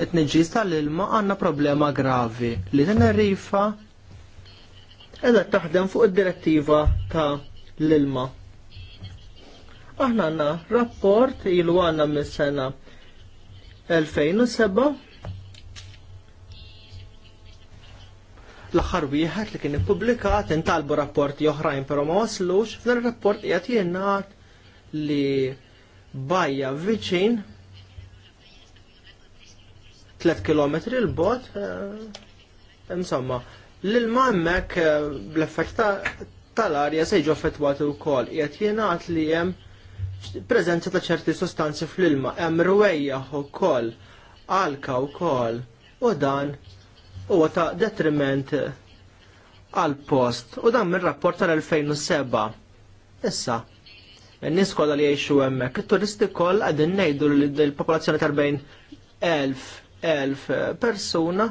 t-nġis eh, tal-ilma għandna problema gravi li nerrifa edha taħdem fuq id-direttiva ta' l-ilma. Aħna għandna rapport ilu għandna mis-sena 2007 l-aħħar wieħed li kien ippubblikat intalbu rapporti oħrajn però ma waslux, f'dan ir-rapport qiegħed jingħad li bajja viċin 3 km il-bot, insomma, l-ilma hemmhekk eh, bl-effett tal-arja se jiġu affettwati wkoll qiegħed jingħad li hemm preżenza ta' ċerti sostanzi fl-ilma hemm rwejjaħ ukoll alka wkoll u dan huwa ta' detriment għal post u dan mir-rapport tal-2007. Issa, n-nis kolla li jiexu emmek, it turisti koll għadin nejdu l-popolazzjoni tarbejn 40 elf elf persuna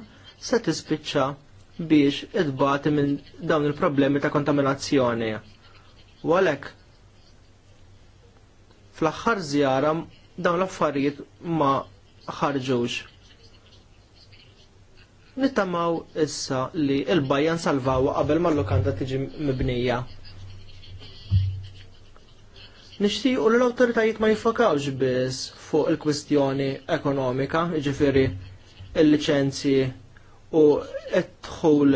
se tispiċċa biex idbati minn dawn il-problemi ta' kontaminazzjoni. U għalhekk fl-aħħar żjara dawn l-affarijiet ma ħarġux. Nittamaw issa li il-bajjan salvawa qabel ma l-lokanda tiġi mibnija. Nixtiequ li l awtoritajiet ma jiffokawx biss fuq il-kwistjoni ekonomika, jiġifieri il liċenzji u t-dħul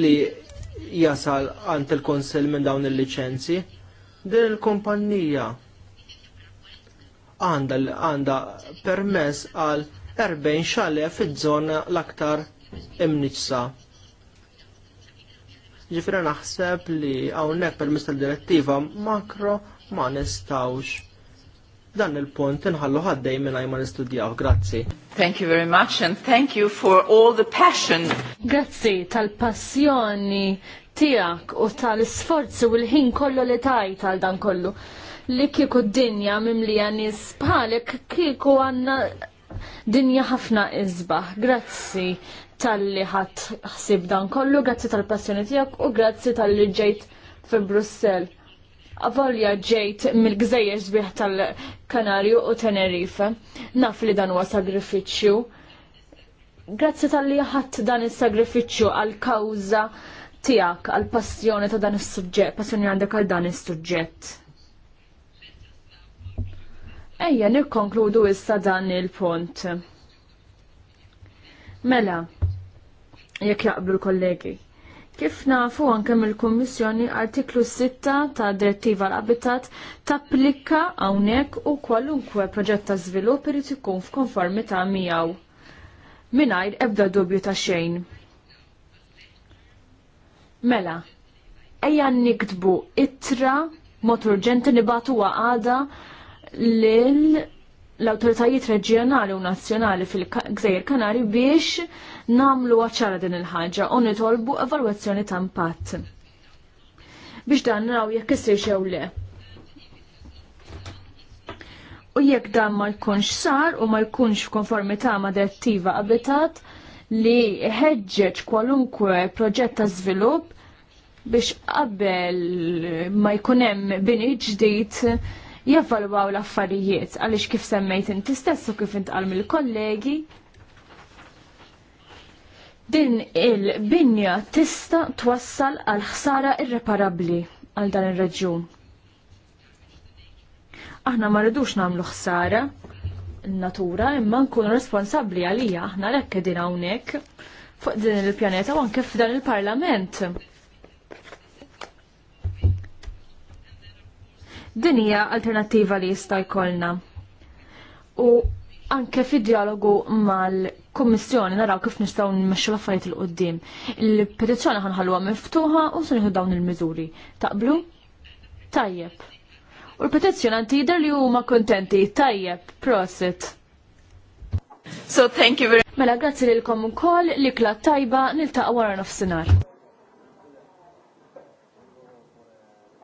li jasal għand il kunsill minn dawn il licenzi Din il-kumpanija għandha permess għal 40 xale fil żona l-aktar imniċsa. Ġifiri naħseb li hawnhekk permess tad direttiva makro ma nistawx dan il-punt inħallu ħaddej minn ma nistudjaw. Grazzi. Thank you very much and thank you for all the passion. Grazzi tal-passjoni tijak u tal-sforzi u l-ħin kollu li tajt għal dan kollu li kiku d-dinja mimlija nis bħalek kieku għanna dinja ħafna izbaħ. Grazzi tal-li ħat ħsib dan kollu, grazzi tal-passjoni tijak u grazzi tal-li ġejt fi Brussel. Avolja ġejt mill-gżejjer sbieħ tal-Kanarju u Tenerife. Naf li dan huwa sagrifiċċju. Grazzi tal-li ħadd dan is-sagrifiċċju għal kawża tiegħek għal passjoni ta' dan is-suġġett, passjoni għandek għal dan is-suġġett. Ejja nikkonkludu issa dan il-punt. Mela, jekk jaqblu l-kollegi. Kif nafu anke mill-Kummissjoni artiklu 6 ta' Direttiva l-Abitat tapplika hawnhekk u kwalunkwe proġett ta' żvilupp irid ikun f'konformità miegħu. Mingħajr ebda dubju ta' xejn. Mela, ejja niktbu ittra mod urġenti nibatu għada lil l-autoritajiet reġjonali u nazzjonali fil-Gżejjer Kanari biex namlu għacċara din il-ħaġa u nitolbu evalwazzjoni ta' impatt. Biex dan naraw jekk isir xew le. U jekk dan ma jkunx sar u ma jkunx f'konformità ma' direttiva abitat li ħeġġeġ kwalunkwe proġett ta' żvilupp biex qabel ma jkunem bini ġdijt jevalwaw l-affarijiet għalix kif semmejt inti stess u kif intqal mill-kollegi din il-binja tista twassal għal ħsara irreparabli għal dan ir-reġjun. Aħna ma rridux nagħmlu ħsara natura imma nkunu responsabbli għalija aħna l din hawnhekk fuq din il-pjaneta u anke f'dan il-parlament. Din hija alternattiva li jista' jkollna. U anke fid-dialogu mal kummissjoni naraw kif nistgħu nmexxu l-affarijiet il qudiem Il-petizzjoni ħanħalluha miftuħa u se nieħu dawn il-miżuri. Taqblu? Tajjeb. U l-petizzjonanti jidher li huma kontenti. Tajjeb, prosit. So thank you very much. Mela grazzi lilkom ukoll li kla tajba niltaqgħu wara nofsinhar.